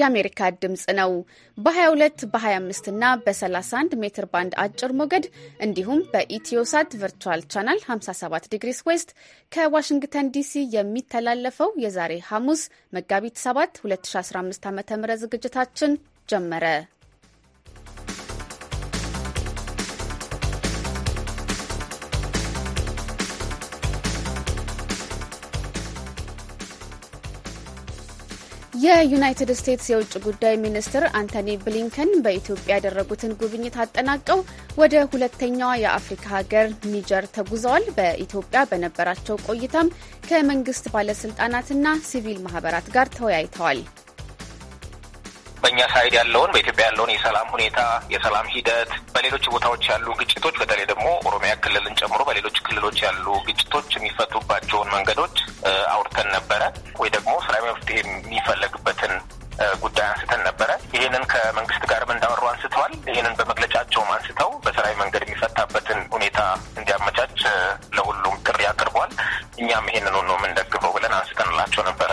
የአሜሪካ ድምፅ ነው። በ22 በ25 እና በ31 ሜትር ባንድ አጭር ሞገድ እንዲሁም በኢትዮሳት ቨርቹዋል ቻናል 57 ዲግሪስ ዌስት ከዋሽንግተን ዲሲ የሚተላለፈው የዛሬ ሐሙስ መጋቢት 7 2015 ዓ ም ዝግጅታችን ጀመረ። የዩናይትድ ስቴትስ የውጭ ጉዳይ ሚኒስትር አንቶኒ ብሊንከን በኢትዮጵያ ያደረጉትን ጉብኝት አጠናቀው ወደ ሁለተኛዋ የአፍሪካ ሀገር ኒጀር ተጉዘዋል። በኢትዮጵያ በነበራቸው ቆይታም ከመንግስት ባለስልጣናትና ሲቪል ማህበራት ጋር ተወያይተዋል። በእኛ ሳይድ ያለውን በኢትዮጵያ ያለውን የሰላም ሁኔታ የሰላም ሂደት፣ በሌሎች ቦታዎች ያሉ ግጭቶች በተለይ ደግሞ ኦሮሚያ ክልልን ጨምሮ በሌሎች ክልሎች ያሉ ግጭቶች የሚፈቱባቸውን መንገዶች አውርተን ነበረ ወይ ደግሞ ሰላማዊ መፍትሄ የሚፈለግበትን ጉዳይ አንስተን ነበረ። ይህንን ከመንግስት ጋርም እንዳወሩ አንስተዋል። ይህንን በመግለጫቸውም አንስተው በሰላማዊ መንገድ የሚፈታበትን ሁኔታ እንዲያመቻች ለሁሉም ጥሪ አቅርቧል። እኛም ይህንኑ ነው የምንደግፈው ብለን አንስተንላቸው ነበረ።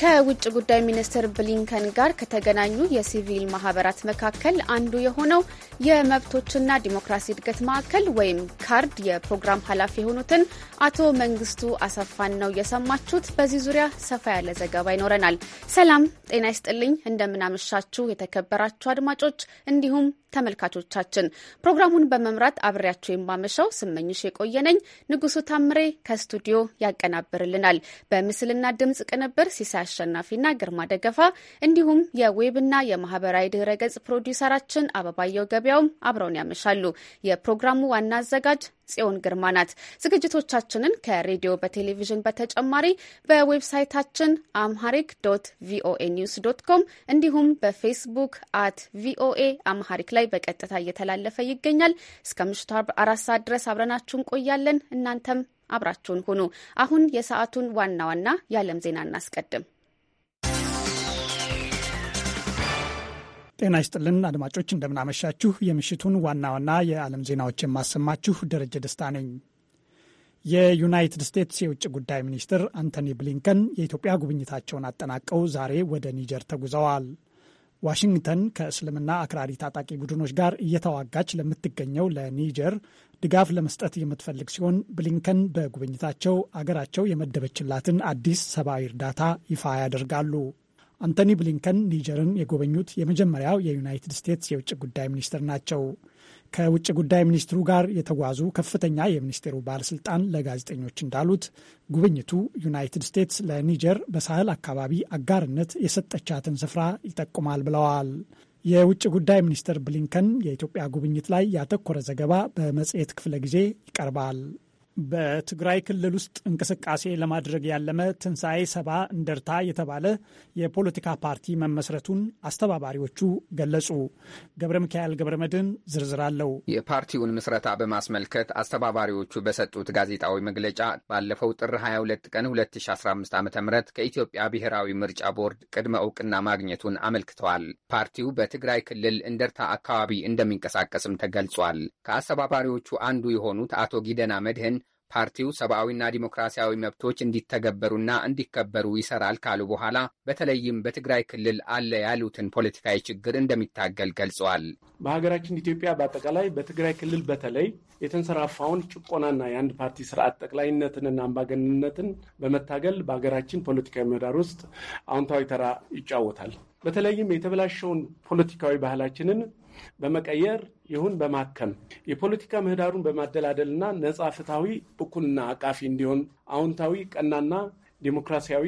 ከውጭ ጉዳይ ሚኒስትር ብሊንከን ጋር ከተገናኙ የሲቪል ማህበራት መካከል አንዱ የሆነው የመብቶችና ዲሞክራሲ እድገት ማዕከል ወይም ካርድ የፕሮግራም ኃላፊ የሆኑትን አቶ መንግስቱ አሰፋን ነው የሰማችሁት። በዚህ ዙሪያ ሰፋ ያለ ዘገባ ይኖረናል። ሰላም ጤና ይስጥልኝ። እንደምናመሻችሁ የተከበራችሁ አድማጮች እንዲሁም ተመልካቾቻችን ፕሮግራሙን በመምራት አብሬያቸው የማመሻው ስመኝሽ የቆየነኝ ንጉሱ ታምሬ ከስቱዲዮ ያቀናብርልናል። በምስልና ድምጽ ቅንብር ሲሳ አሸናፊና ግርማ ደገፋ እንዲሁም የዌብና የማህበራዊ ድህረ ገጽ ፕሮዲውሰራችን አበባየው ገበያውም አብረውን ያመሻሉ። የፕሮግራሙ ዋና አዘጋጅ ጽዮን ግርማ ናት። ዝግጅቶቻችንን ከሬዲዮ በቴሌቪዥን በተጨማሪ በዌብሳይታችን አምሃሪክ ዶት ቪኦኤ ኒውስ ዶት ኮም እንዲሁም በፌስቡክ አት ቪኦኤ አምሃሪክ ላይ በቀጥታ እየተላለፈ ይገኛል። እስከ ምሽቱ አራት ሰዓት ድረስ አብረናችሁ እንቆያለን። እናንተም አብራችሁን ሁኑ። አሁን የሰዓቱን ዋና ዋና የዓለም ዜና እናስቀድም። ጤና ይስጥልን አድማጮች፣ እንደምናመሻችሁ። የምሽቱን ዋና ዋና የዓለም ዜናዎች የማሰማችሁ ደረጀ ደስታ ነኝ። የዩናይትድ ስቴትስ የውጭ ጉዳይ ሚኒስትር አንቶኒ ብሊንከን የኢትዮጵያ ጉብኝታቸውን አጠናቀው ዛሬ ወደ ኒጀር ተጉዘዋል። ዋሽንግተን ከእስልምና አክራሪ ታጣቂ ቡድኖች ጋር እየተዋጋች ለምትገኘው ለኒጀር ድጋፍ ለመስጠት የምትፈልግ ሲሆን ብሊንከን በጉብኝታቸው አገራቸው የመደበችላትን አዲስ ሰብአዊ እርዳታ ይፋ ያደርጋሉ። አንቶኒ ብሊንከን ኒጀርን የጎበኙት የመጀመሪያው የዩናይትድ ስቴትስ የውጭ ጉዳይ ሚኒስትር ናቸው። ከውጭ ጉዳይ ሚኒስትሩ ጋር የተጓዙ ከፍተኛ የሚኒስቴሩ ባለስልጣን ለጋዜጠኞች እንዳሉት ጉብኝቱ ዩናይትድ ስቴትስ ለኒጀር በሳህል አካባቢ አጋርነት የሰጠቻትን ስፍራ ይጠቁማል ብለዋል። የውጭ ጉዳይ ሚኒስትር ብሊንከን የኢትዮጵያ ጉብኝት ላይ ያተኮረ ዘገባ በመጽሔት ክፍለ ጊዜ ይቀርባል። በትግራይ ክልል ውስጥ እንቅስቃሴ ለማድረግ ያለመ ትንሣኤ ሰባ እንደርታ የተባለ የፖለቲካ ፓርቲ መመስረቱን አስተባባሪዎቹ ገለጹ። ገብረ ሚካኤል ገብረ መድህን ዝርዝር አለው። የፓርቲውን ምስረታ በማስመልከት አስተባባሪዎቹ በሰጡት ጋዜጣዊ መግለጫ ባለፈው ጥር 22 ቀን 2015 ዓ ም ከኢትዮጵያ ብሔራዊ ምርጫ ቦርድ ቅድመ እውቅና ማግኘቱን አመልክተዋል። ፓርቲው በትግራይ ክልል እንደርታ አካባቢ እንደሚንቀሳቀስም ተገልጿል። ከአስተባባሪዎቹ አንዱ የሆኑት አቶ ጊደና መድህን ፓርቲው ሰብአዊና ዲሞክራሲያዊ መብቶች እንዲተገበሩና እንዲከበሩ ይሰራል ካሉ በኋላ በተለይም በትግራይ ክልል አለ ያሉትን ፖለቲካዊ ችግር እንደሚታገል ገልጸዋል። በሀገራችን ኢትዮጵያ በአጠቃላይ በትግራይ ክልል በተለይ የተንሰራፋውን ጭቆናና የአንድ ፓርቲ ስርዓት ጠቅላይነትንና አምባገንነትን በመታገል በሀገራችን ፖለቲካዊ ምህዳር ውስጥ አዎንታዊ ተራ ይጫወታል። በተለይም የተበላሸውን ፖለቲካዊ ባህላችንን በመቀየር ይሁን በማከም የፖለቲካ ምህዳሩን በማደላደልና ነጻ፣ ፍትሐዊ፣ እኩልና አቃፊ እንዲሆን አዎንታዊ ቀናና ዲሞክራሲያዊ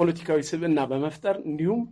ፖለቲካዊ ስብዕና በመፍጠር እንዲሁም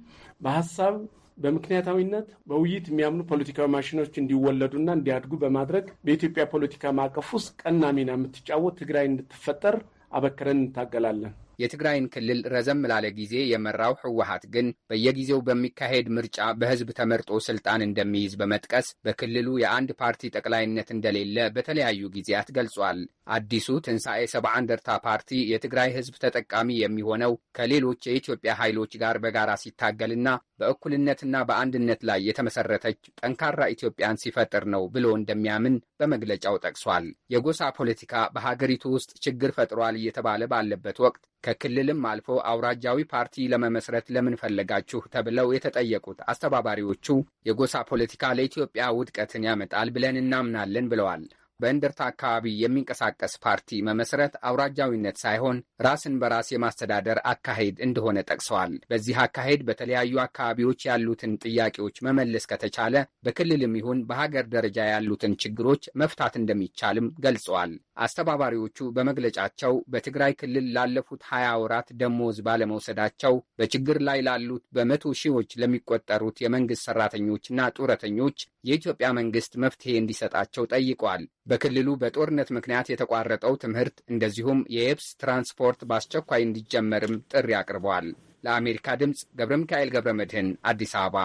በሀሳብ በምክንያታዊነት በውይይት የሚያምኑ ፖለቲካዊ ማሽኖች እንዲወለዱና እንዲያድጉ በማድረግ በኢትዮጵያ ፖለቲካ ማዕቀፍ ውስጥ ቀና ሚና የምትጫወት ትግራይ እንድትፈጠር አበክረን እንታገላለን። የትግራይን ክልል ረዘም ላለ ጊዜ የመራው ህወሀት ግን በየጊዜው በሚካሄድ ምርጫ በህዝብ ተመርጦ ስልጣን እንደሚይዝ በመጥቀስ በክልሉ የአንድ ፓርቲ ጠቅላይነት እንደሌለ በተለያዩ ጊዜያት ገልጿል። አዲሱ ትንሣኤ ሰብዓ እንደርታ ፓርቲ የትግራይ ህዝብ ተጠቃሚ የሚሆነው ከሌሎች የኢትዮጵያ ኃይሎች ጋር በጋራ ሲታገልና በእኩልነትና በአንድነት ላይ የተመሰረተች ጠንካራ ኢትዮጵያን ሲፈጥር ነው ብሎ እንደሚያምን በመግለጫው ጠቅሷል። የጎሳ ፖለቲካ በሀገሪቱ ውስጥ ችግር ፈጥሯል እየተባለ ባለበት ወቅት ከክልልም አልፎ አውራጃዊ ፓርቲ ለመመስረት ለምን ፈለጋችሁ ተብለው የተጠየቁት አስተባባሪዎቹ የጎሳ ፖለቲካ ለኢትዮጵያ ውድቀትን ያመጣል ብለን እናምናለን ብለዋል። በእንደርታ አካባቢ የሚንቀሳቀስ ፓርቲ መመስረት አውራጃዊነት ሳይሆን ራስን በራስ የማስተዳደር አካሄድ እንደሆነ ጠቅሰዋል። በዚህ አካሄድ በተለያዩ አካባቢዎች ያሉትን ጥያቄዎች መመለስ ከተቻለ በክልልም ይሁን በሀገር ደረጃ ያሉትን ችግሮች መፍታት እንደሚቻልም ገልጸዋል። አስተባባሪዎቹ በመግለጫቸው በትግራይ ክልል ላለፉት ሀያ ወራት ደሞዝ ባለመውሰዳቸው በችግር ላይ ላሉት በመቶ ሺዎች ለሚቆጠሩት የመንግስት ሰራተኞችና ጡረተኞች የኢትዮጵያ መንግስት መፍትሄ እንዲሰጣቸው ጠይቋል። በክልሉ በጦርነት ምክንያት የተቋረጠው ትምህርት እንደዚሁም የየብስ ትራንስፖርት በአስቸኳይ እንዲጀመርም ጥሪ አቅርበዋል። ለአሜሪካ ድምፅ ገብረ ሚካኤል ገብረ መድህን አዲስ አበባ።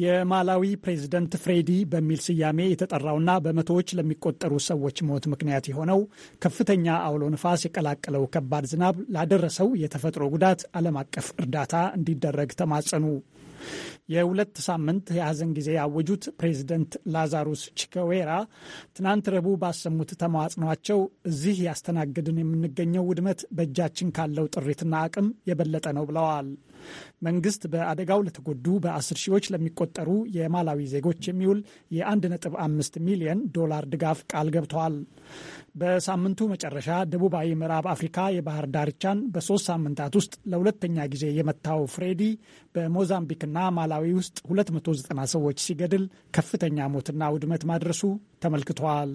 የማላዊ ፕሬዚደንት ፍሬዲ በሚል ስያሜ የተጠራውና በመቶዎች ለሚቆጠሩ ሰዎች ሞት ምክንያት የሆነው ከፍተኛ አውሎ ንፋስ የቀላቀለው ከባድ ዝናብ ላደረሰው የተፈጥሮ ጉዳት ዓለም አቀፍ እርዳታ እንዲደረግ ተማጸኑ። የሁለት ሳምንት የሐዘን ጊዜ ያወጁት ፕሬዚደንት ላዛሩስ ቺከዌራ ትናንት ረቡዕ ባሰሙት ተማጽኗቸው እዚህ ያስተናግድን የምንገኘው ውድመት በእጃችን ካለው ጥሪትና አቅም የበለጠ ነው ብለዋል። መንግስት በአደጋው ለተጎዱ በአስር ሺዎች ለሚቆጠሩ የማላዊ ዜጎች የሚውል የ1.5 ሚሊዮን ዶላር ድጋፍ ቃል ገብተዋል። በሳምንቱ መጨረሻ ደቡባዊ ምዕራብ አፍሪካ የባህር ዳርቻን በሶስት ሳምንታት ውስጥ ለሁለተኛ ጊዜ የመታው ፍሬዲ በሞዛምቢክና ማላዊ ውስጥ 290 ሰዎች ሲገድል ከፍተኛ ሞትና ውድመት ማድረሱ ተመልክቷል።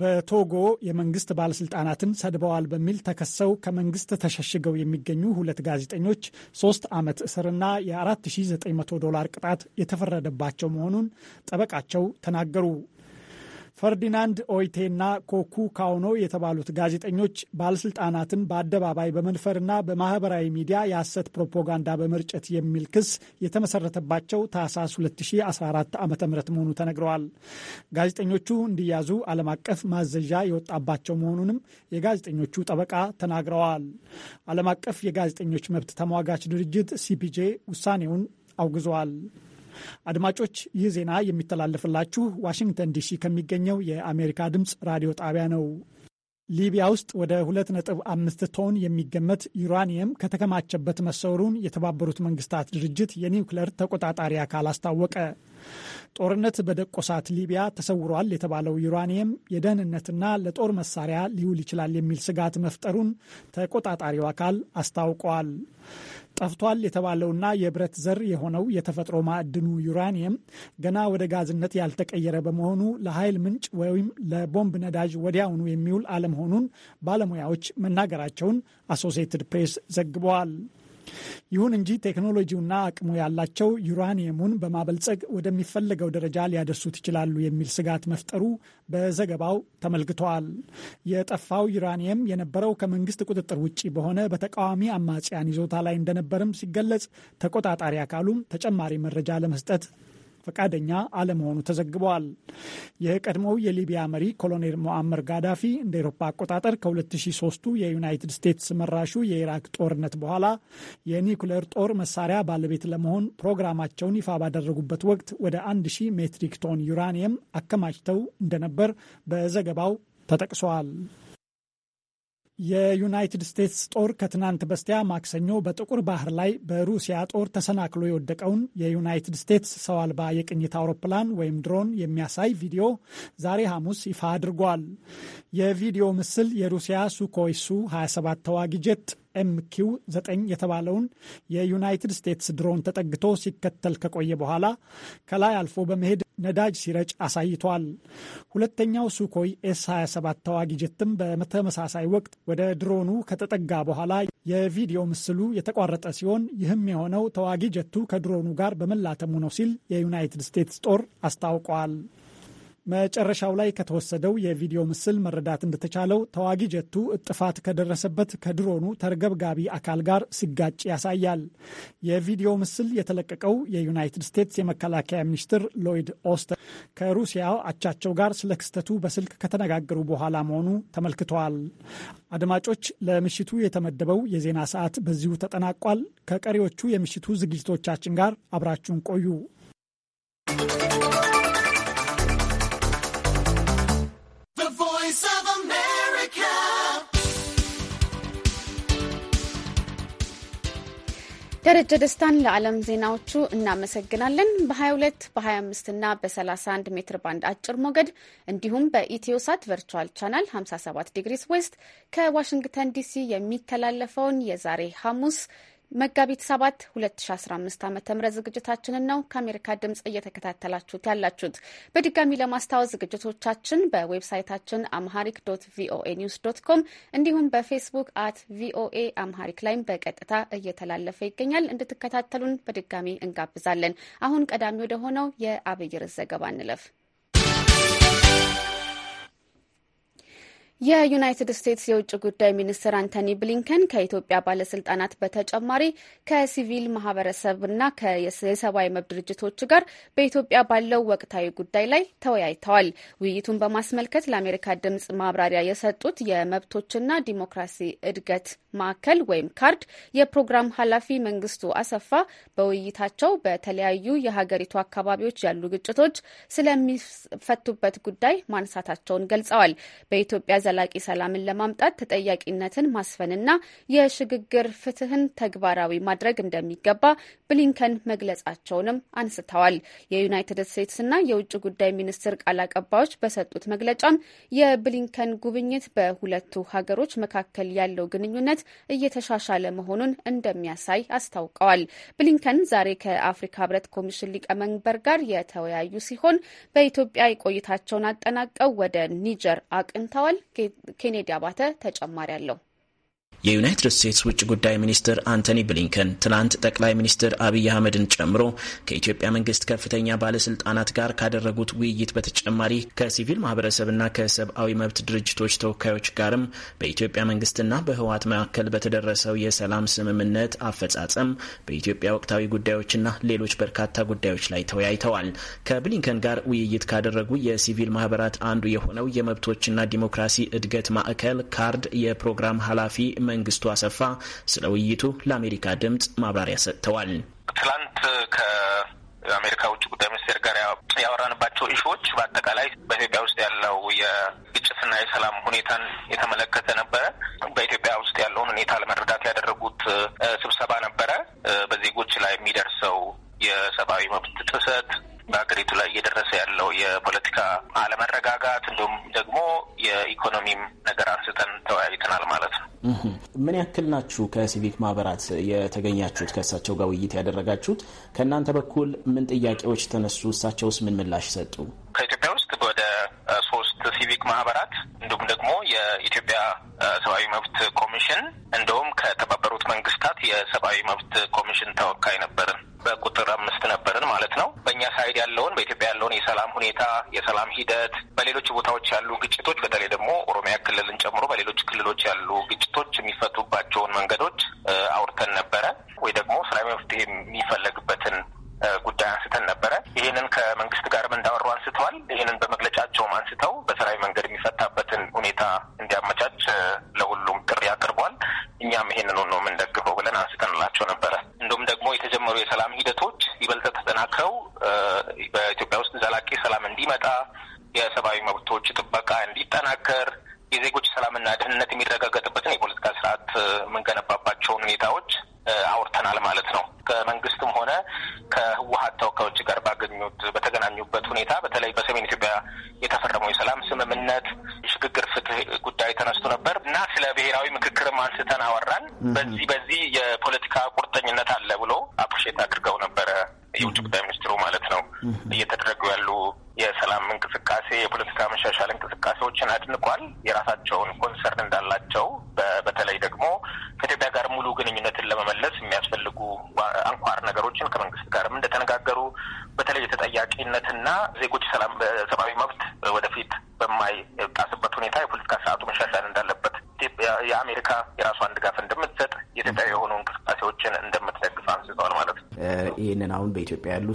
በቶጎ የመንግስት ባለስልጣናትን ሰድበዋል በሚል ተከሰው ከመንግስት ተሸሽገው የሚገኙ ሁለት ጋዜጠኞች ሶስት ዓመት እስርና የ4900 ዶላር ቅጣት የተፈረደባቸው መሆኑን ጠበቃቸው ተናገሩ። ፈርዲናንድ ኦይቴና ኮኩ ካውኖ የተባሉት ጋዜጠኞች ባለስልጣናትን በአደባባይ በመንፈርና በማህበራዊ ሚዲያ የሐሰት ፕሮፓጋንዳ በመርጨት የሚል ክስ የተመሰረተባቸው ታህሳስ 2014 ዓ ም መሆኑ ተነግረዋል። ጋዜጠኞቹ እንዲያዙ ዓለም አቀፍ ማዘዣ የወጣባቸው መሆኑንም የጋዜጠኞቹ ጠበቃ ተናግረዋል። ዓለም አቀፍ የጋዜጠኞች መብት ተሟጋች ድርጅት ሲፒጄ ውሳኔውን አውግዘዋል። አድማጮች ይህ ዜና የሚተላለፍላችሁ ዋሽንግተን ዲሲ ከሚገኘው የአሜሪካ ድምፅ ራዲዮ ጣቢያ ነው። ሊቢያ ውስጥ ወደ 2.5 ቶን የሚገመት ዩራኒየም ከተከማቸበት መሰሩን የተባበሩት መንግስታት ድርጅት የኒውክለር ተቆጣጣሪ አካል አስታወቀ። ጦርነት በደቆሳት ሊቢያ ተሰውሯል የተባለው ዩራኒየም የደህንነትና ለጦር መሳሪያ ሊውል ይችላል የሚል ስጋት መፍጠሩን ተቆጣጣሪው አካል አስታውቋል። ጠፍቷል የተባለውና የብረት ዘር የሆነው የተፈጥሮ ማዕድኑ ዩራኒየም ገና ወደ ጋዝነት ያልተቀየረ በመሆኑ ለኃይል ምንጭ ወይም ለቦምብ ነዳጅ ወዲያውኑ የሚውል አለመሆኑን ባለሙያዎች መናገራቸውን አሶሴትድ ፕሬስ ዘግበዋል። ይሁን እንጂ ቴክኖሎጂውና አቅሙ ያላቸው ዩራኒየሙን በማበልጸግ ወደሚፈለገው ደረጃ ሊያደርሱት ይችላሉ የሚል ስጋት መፍጠሩ በዘገባው ተመልክተዋል። የጠፋው ዩራኒየም የነበረው ከመንግስት ቁጥጥር ውጭ በሆነ በተቃዋሚ አማጽያን ይዞታ ላይ እንደነበርም ሲገለጽ፣ ተቆጣጣሪ አካሉም ተጨማሪ መረጃ ለመስጠት ፈቃደኛ አለመሆኑ ተዘግበዋል። የቀድሞው የሊቢያ መሪ ኮሎኔል ሞአመር ጋዳፊ እንደ ኤሮፓ አቆጣጠር ከ2003ቱ የዩናይትድ ስቴትስ መራሹ የኢራቅ ጦርነት በኋላ የኒኩሌር ጦር መሳሪያ ባለቤት ለመሆን ፕሮግራማቸውን ይፋ ባደረጉበት ወቅት ወደ 1000 ሜትሪክ ቶን ዩራኒየም አከማችተው እንደነበር በዘገባው ተጠቅሷል። የዩናይትድ ስቴትስ ጦር ከትናንት በስቲያ ማክሰኞ በጥቁር ባህር ላይ በሩሲያ ጦር ተሰናክሎ የወደቀውን የዩናይትድ ስቴትስ ሰው አልባ የቅኝት አውሮፕላን ወይም ድሮን የሚያሳይ ቪዲዮ ዛሬ ሐሙስ ይፋ አድርጓል። የቪዲዮ ምስል የሩሲያ ሱኮይሱ 27 ተዋጊ ጀት ኤምኪው 9 የተባለውን የዩናይትድ ስቴትስ ድሮን ተጠግቶ ሲከተል ከቆየ በኋላ ከላይ አልፎ በመሄድ ነዳጅ ሲረጭ አሳይቷል። ሁለተኛው ሱኮይ ኤስ 27 ተዋጊ ጀትም በተመሳሳይ ወቅት ወደ ድሮኑ ከተጠጋ በኋላ የቪዲዮ ምስሉ የተቋረጠ ሲሆን ይህም የሆነው ተዋጊ ጀቱ ከድሮኑ ጋር በመላተሙ ነው ሲል የዩናይትድ ስቴትስ ጦር አስታውቋል። መጨረሻው ላይ ከተወሰደው የቪዲዮ ምስል መረዳት እንደተቻለው ተዋጊ ጀቱ እጥፋት ከደረሰበት ከድሮኑ ተርገብጋቢ አካል ጋር ሲጋጭ ያሳያል። የቪዲዮ ምስል የተለቀቀው የዩናይትድ ስቴትስ የመከላከያ ሚኒስትር ሎይድ ኦስተ ከሩሲያ አቻቸው ጋር ስለ ክስተቱ በስልክ ከተነጋገሩ በኋላ መሆኑ ተመልክተዋል። አድማጮች፣ ለምሽቱ የተመደበው የዜና ሰዓት በዚሁ ተጠናቋል። ከቀሪዎቹ የምሽቱ ዝግጅቶቻችን ጋር አብራችሁን ቆዩ። ደረጀ ደስታን ለዓለም ዜናዎቹ እናመሰግናለን። በ22 በ25 እና በ31 ሜትር ባንድ አጭር ሞገድ እንዲሁም በኢትዮሳት ቨርቹዋል ቻናል 57 ዲግሪስ ዌስት ከዋሽንግተን ዲሲ የሚተላለፈውን የዛሬ ሐሙስ መጋቢት 7 2015 ዓ ም ዝግጅታችንን ነው ከአሜሪካ ድምፅ እየተከታተላችሁት ያላችሁት። በድጋሚ ለማስታወስ ዝግጅቶቻችን በዌብሳይታችን አምሃሪክ ዶት ቪኦኤ ኒውስ ዶት ኮም እንዲሁም በፌስቡክ አት ቪኦኤ አምሃሪክ ላይም በቀጥታ እየተላለፈ ይገኛል። እንድትከታተሉን በድጋሚ እንጋብዛለን። አሁን ቀዳሚ ወደ ሆነው የአብይርስ ዘገባ እንለፍ። የዩናይትድ ስቴትስ የውጭ ጉዳይ ሚኒስትር አንቶኒ ብሊንከን ከኢትዮጵያ ባለስልጣናት በተጨማሪ ከሲቪል ማህበረሰብና የሰብአዊ መብት ድርጅቶች ጋር በኢትዮጵያ ባለው ወቅታዊ ጉዳይ ላይ ተወያይተዋል። ውይይቱን በማስመልከት ለአሜሪካ ድምጽ ማብራሪያ የሰጡት የመብቶችና ዲሞክራሲ እድገት ማዕከል ወይም ካርድ የፕሮግራም ኃላፊ መንግስቱ አሰፋ በውይይታቸው በተለያዩ የሀገሪቱ አካባቢዎች ያሉ ግጭቶች ስለሚፈቱበት ጉዳይ ማንሳታቸውን ገልጸዋል። በኢትዮጵያ ዘላቂ ሰላምን ለማምጣት ተጠያቂነትን ማስፈንና የሽግግር ፍትህን ተግባራዊ ማድረግ እንደሚገባ ብሊንከን መግለጻቸውንም አንስተዋል። የዩናይትድ ስቴትስና የውጭ ጉዳይ ሚኒስትር ቃል አቀባዮች በሰጡት መግለጫም የብሊንከን ጉብኝት በሁለቱ ሀገሮች መካከል ያለው ግንኙነት እየተሻሻለ መሆኑን እንደሚያሳይ አስታውቀዋል። ብሊንከን ዛሬ ከአፍሪካ ህብረት ኮሚሽን ሊቀመንበር ጋር የተወያዩ ሲሆን በኢትዮጵያ የቆይታቸውን አጠናቀው ወደ ኒጀር አቅንተዋል። ኬኔዲ አባተ ተጨማሪ አለው። የዩናይትድ ስቴትስ ውጭ ጉዳይ ሚኒስትር አንቶኒ ብሊንከን ትናንት ጠቅላይ ሚኒስትር አብይ አህመድን ጨምሮ ከኢትዮጵያ መንግስት ከፍተኛ ባለስልጣናት ጋር ካደረጉት ውይይት በተጨማሪ ከሲቪል ማህበረሰብና ከሰብአዊ መብት ድርጅቶች ተወካዮች ጋርም በኢትዮጵያ መንግስትና በህወሓት መካከል በተደረሰው የሰላም ስምምነት አፈጻጸም፣ በኢትዮጵያ ወቅታዊ ጉዳዮችና ሌሎች በርካታ ጉዳዮች ላይ ተወያይተዋል። ከብሊንከን ጋር ውይይት ካደረጉ የሲቪል ማህበራት አንዱ የሆነው የመብቶችና ዲሞክራሲ እድገት ማዕከል ካርድ የፕሮግራም ኃላፊ መንግስቱ አሰፋ ስለ ውይይቱ ለአሜሪካ ድምፅ ማብራሪያ ሰጥተዋል። ትላንት ከአሜሪካ ውጭ ጉዳይ ሚኒስቴር ጋር ያወራንባቸው ኢሹዎች በአጠቃላይ በኢትዮጵያ ውስጥ ያለው የግጭትና የሰላም ሁኔታን የተመለከተ ነበረ። በኢትዮጵያ ውስጥ ያለውን ሁኔታ ለመረዳት ያደረጉት ስብሰባ ነበረ። በዜጎች ላይ የሚደርሰው የሰብአዊ መብት ጥሰት በሀገሪቱ ላይ እየደረሰ ያለው የፖለቲካ አለመረጋጋት እንዲሁም ደግሞ የኢኮኖሚም ነገር አንስተን ተወያይተናል ማለት ነው። ምን ያክል ናችሁ ከሲቪክ ማህበራት የተገኛችሁት? ከእሳቸው ጋር ውይይት ያደረጋችሁት? ከእናንተ በኩል ምን ጥያቄዎች ተነሱ? እሳቸውስ ምን ምላሽ ሰጡ? ከኢትዮጵያ ውስጥ ወደ ሶስት ሲቪክ ማህበራት እንዲሁም ደግሞ የኢትዮጵያ ሰብአዊ መብት ኮሚሽን እንደውም ከተባበሩት መንግስታት የሰብአዊ መብት ኮሚሽን ተወካይ ነበር በቁጥር አምስት ነበርን ማለት ነው። በእኛ ሳይድ ያለውን በኢትዮጵያ ያለውን የሰላም ሁኔታ የሰላም ሂደት፣ በሌሎች ቦታዎች ያሉ ግጭቶች፣ በተለይ ደግሞ ኦሮሚያ ክልልን ጨምሮ በሌሎች ክልሎች ያሉ ግጭቶች የሚፈቱባቸውን መንገዶች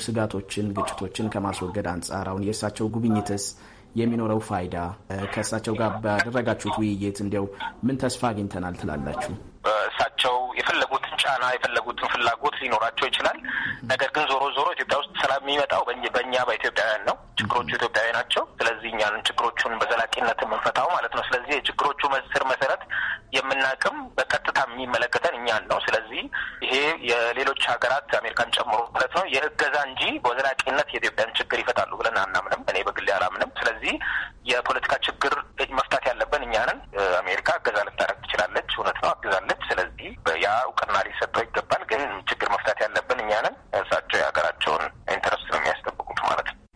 ስጋቶችን፣ ግጭቶችን ከማስወገድ አንጻር አሁን የእርሳቸው ጉብኝትስ የሚኖረው ፋይዳ ከእሳቸው ጋር ባደረጋችሁት ውይይት እንዲያው ምን ተስፋ አግኝተናል ትላላችሁ? እሳቸው የፈለጉትን ጫና የፈለጉትን ፍላጎት ሊኖራቸው ይችላል። ነገር ግን ዞሮ ዞሮ ኢትዮጵያ የሚመጣው በእኛ በኢትዮጵያውያን ነው። ችግሮቹ ኢትዮጵያዊ ናቸው። ስለዚህ እኛን ችግሮቹን በዘላቂነት የምንፈታው ማለት ነው። ስለዚህ የችግሮቹ ስር መሰረት የምናቅም በቀጥታ የሚመለከተን እኛን ነው። ስለዚህ ይሄ የሌሎች ሀገራት አሜሪካን ጨምሮ ማለት ነው የእገዛ እንጂ በዘላቂነት የኢትዮጵያን ችግር ይፈታሉ ብለን አናምንም። እኔ በግሌ አላምንም። ስለዚህ የፖለቲካ ችግር መፍታት ያለብን እኛንን። አሜሪካ እገዛ ልታደርግ ትችላለች፣ እውነት ነው፣ አግዛለች። ስለዚህ ያ እውቅና ሊሰጠው ይገባል።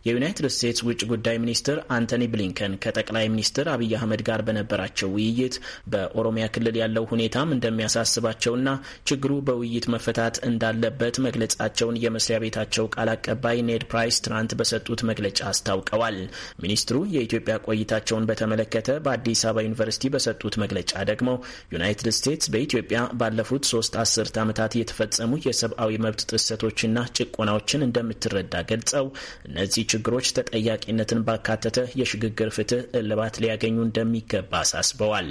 የዩናይትድ ስቴትስ ውጭ ጉዳይ ሚኒስትር አንቶኒ ብሊንከን ከጠቅላይ ሚኒስትር አብይ አህመድ ጋር በነበራቸው ውይይት በኦሮሚያ ክልል ያለው ሁኔታም እንደሚያሳስባቸውና ችግሩ በውይይት መፈታት እንዳለበት መግለጻቸውን የመስሪያ ቤታቸው ቃል አቀባይ ኔድ ፕራይስ ትናንት በሰጡት መግለጫ አስታውቀዋል። ሚኒስትሩ የኢትዮጵያ ቆይታቸውን በተመለከተ በአዲስ አበባ ዩኒቨርሲቲ በሰጡት መግለጫ ደግሞ ዩናይትድ ስቴትስ በኢትዮጵያ ባለፉት ሶስት አስርት ዓመታት የተፈጸሙ የሰብአዊ መብት ጥሰቶችና ጭቆናዎችን እንደምትረዳ ገልጸው እነዚህ ችግሮች ተጠያቂነትን ባካተተ የሽግግር ፍትህ እልባት ሊያገኙ እንደሚገባ አሳስበዋል።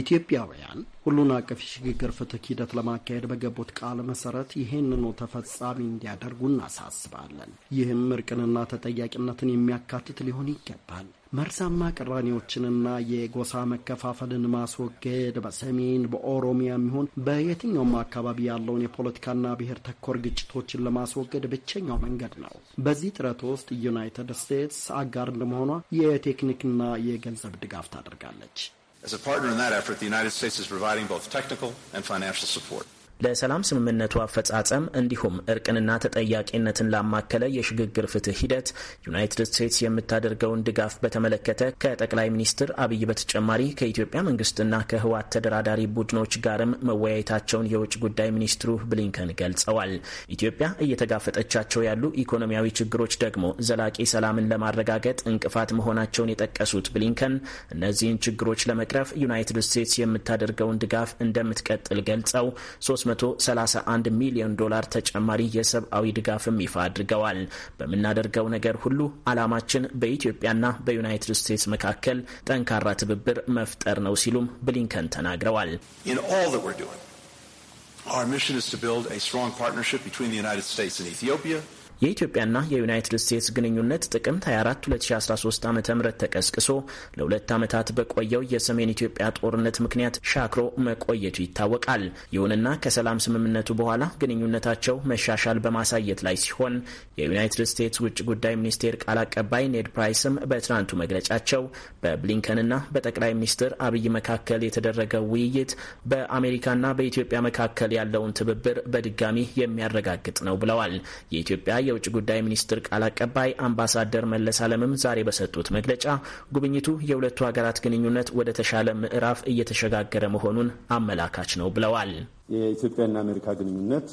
ኢትዮጵያውያን ሁሉን አቀፍ የሽግግር ፍትህ ሂደት ለማካሄድ በገቡት ቃል መሰረት ይህንኑ ተፈጻሚ እንዲያደርጉ እናሳስባለን። ይህም እርቅንና ተጠያቂነትን የሚያካትት ሊሆን ይገባል። መርዛማ ቅራኔዎችንና የጎሳ መከፋፈልን ማስወገድ በሰሜን በኦሮሚያ የሚሆን በየትኛውም አካባቢ ያለውን የፖለቲካና ብሔር ተኮር ግጭቶችን ለማስወገድ ብቸኛው መንገድ ነው። በዚህ ጥረት ውስጥ ዩናይትድ ስቴትስ አጋር እንደመሆኗ የቴክኒክና የገንዘብ ድጋፍ ታደርጋለች። As a partner in that effort, the United States is providing both technical and financial support. ለሰላም ስምምነቱ አፈጻጸም እንዲሁም እርቅንና ተጠያቂነትን ላማከለ የሽግግር ፍትህ ሂደት ዩናይትድ ስቴትስ የምታደርገውን ድጋፍ በተመለከተ ከጠቅላይ ሚኒስትር አብይ በተጨማሪ ከኢትዮጵያ መንግስትና ከህወሓት ተደራዳሪ ቡድኖች ጋርም መወያየታቸውን የውጭ ጉዳይ ሚኒስትሩ ብሊንከን ገልጸዋል። ኢትዮጵያ እየተጋፈጠቻቸው ያሉ ኢኮኖሚያዊ ችግሮች ደግሞ ዘላቂ ሰላምን ለማረጋገጥ እንቅፋት መሆናቸውን የጠቀሱት ብሊንከን እነዚህን ችግሮች ለመቅረፍ ዩናይትድ ስቴትስ የምታደርገውን ድጋፍ እንደምትቀጥል ገልጸው 331 ሚሊዮን ዶላር ተጨማሪ የሰብአዊ ድጋፍም ይፋ አድርገዋል። በምናደርገው ነገር ሁሉ ዓላማችን በኢትዮጵያና በዩናይትድ ስቴትስ መካከል ጠንካራ ትብብር መፍጠር ነው ሲሉም ብሊንከን ተናግረዋል። Our mission is to build a strong partnership between the United States and Ethiopia. የኢትዮጵያና የዩናይትድ ስቴትስ ግንኙነት ጥቅምት 24 2013 ዓ ም ተቀስቅሶ ለሁለት ዓመታት በቆየው የሰሜን ኢትዮጵያ ጦርነት ምክንያት ሻክሮ መቆየቱ ይታወቃል። ይሁንና ከሰላም ስምምነቱ በኋላ ግንኙነታቸው መሻሻል በማሳየት ላይ ሲሆን የዩናይትድ ስቴትስ ውጭ ጉዳይ ሚኒስቴር ቃል አቀባይ ኔድ ፕራይስም በትናንቱ መግለጫቸው በብሊንከንና በጠቅላይ ሚኒስትር አብይ መካከል የተደረገው ውይይት በአሜሪካና በኢትዮጵያ መካከል ያለውን ትብብር በድጋሚ የሚያረጋግጥ ነው ብለዋል። የኢትዮጵያ የውጭ ጉዳይ ሚኒስትር ቃል አቀባይ አምባሳደር መለስ አለምም ዛሬ በሰጡት መግለጫ ጉብኝቱ የሁለቱ ሀገራት ግንኙነት ወደ ተሻለ ምዕራፍ እየተሸጋገረ መሆኑን አመላካች ነው ብለዋል። የኢትዮጵያና አሜሪካ ግንኙነት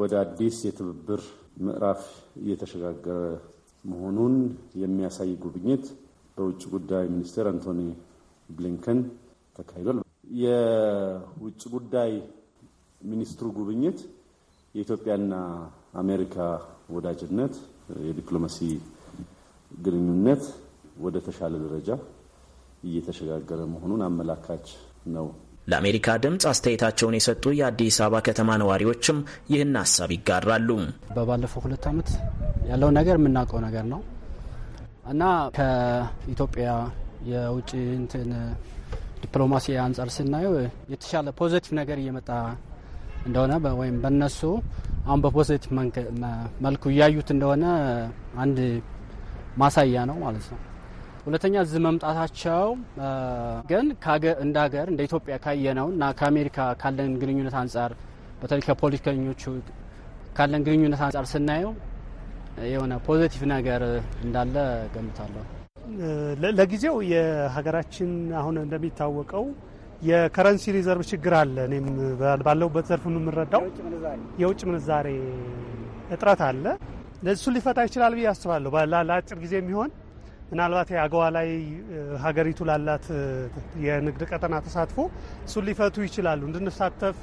ወደ አዲስ የትብብር ምዕራፍ እየተሸጋገረ መሆኑን የሚያሳይ ጉብኝት በውጭ ጉዳይ ሚኒስትር አንቶኒ ብሊንከን ተካሂዷል። የውጭ ጉዳይ ሚኒስትሩ ጉብኝት የኢትዮጵያና አሜሪካ ወዳጅነት፣ የዲፕሎማሲ ግንኙነት ወደ ተሻለ ደረጃ እየተሸጋገረ መሆኑን አመላካች ነው። ለአሜሪካ ድምፅ አስተያየታቸውን የሰጡ የአዲስ አበባ ከተማ ነዋሪዎችም ይህን ሀሳብ ይጋራሉ። በባለፈው ሁለት ዓመት ያለው ነገር የምናውቀው ነገር ነው እና ከኢትዮጵያ የውጭ እንትን ዲፕሎማሲ አንጻር ስናየው የተሻለ ፖዘቲቭ ነገር እየመጣ እንደሆነ ወይም በነሱ አሁን በፖዘቲቭ መልኩ እያዩት እንደሆነ አንድ ማሳያ ነው ማለት ነው። ሁለተኛ እዚህ መምጣታቸው ግን እንደ ሀገር እንደ ኢትዮጵያ ካየነው እና ከአሜሪካ ካለን ግንኙነት አንጻር በተለይ ከፖለቲከኞቹ ካለን ግንኙነት አንጻር ስናየው የሆነ ፖዘቲቭ ነገር እንዳለ ገምታለሁ። ለጊዜው የሀገራችን አሁን እንደሚታወቀው የከረንሲ ሪዘርቭ ችግር አለ። እኔም ባለሁበት ዘርፍ የምንረዳው የውጭ ምንዛሬ እጥረት አለ። እሱን ሊፈታ ይችላል ብዬ አስባለሁ። ለአጭር ጊዜ የሚሆን ምናልባት የአገዋ ላይ ሀገሪቱ ላላት የንግድ ቀጠና ተሳትፎ እሱን ሊፈቱ ይችላሉ። እንድንሳተፍ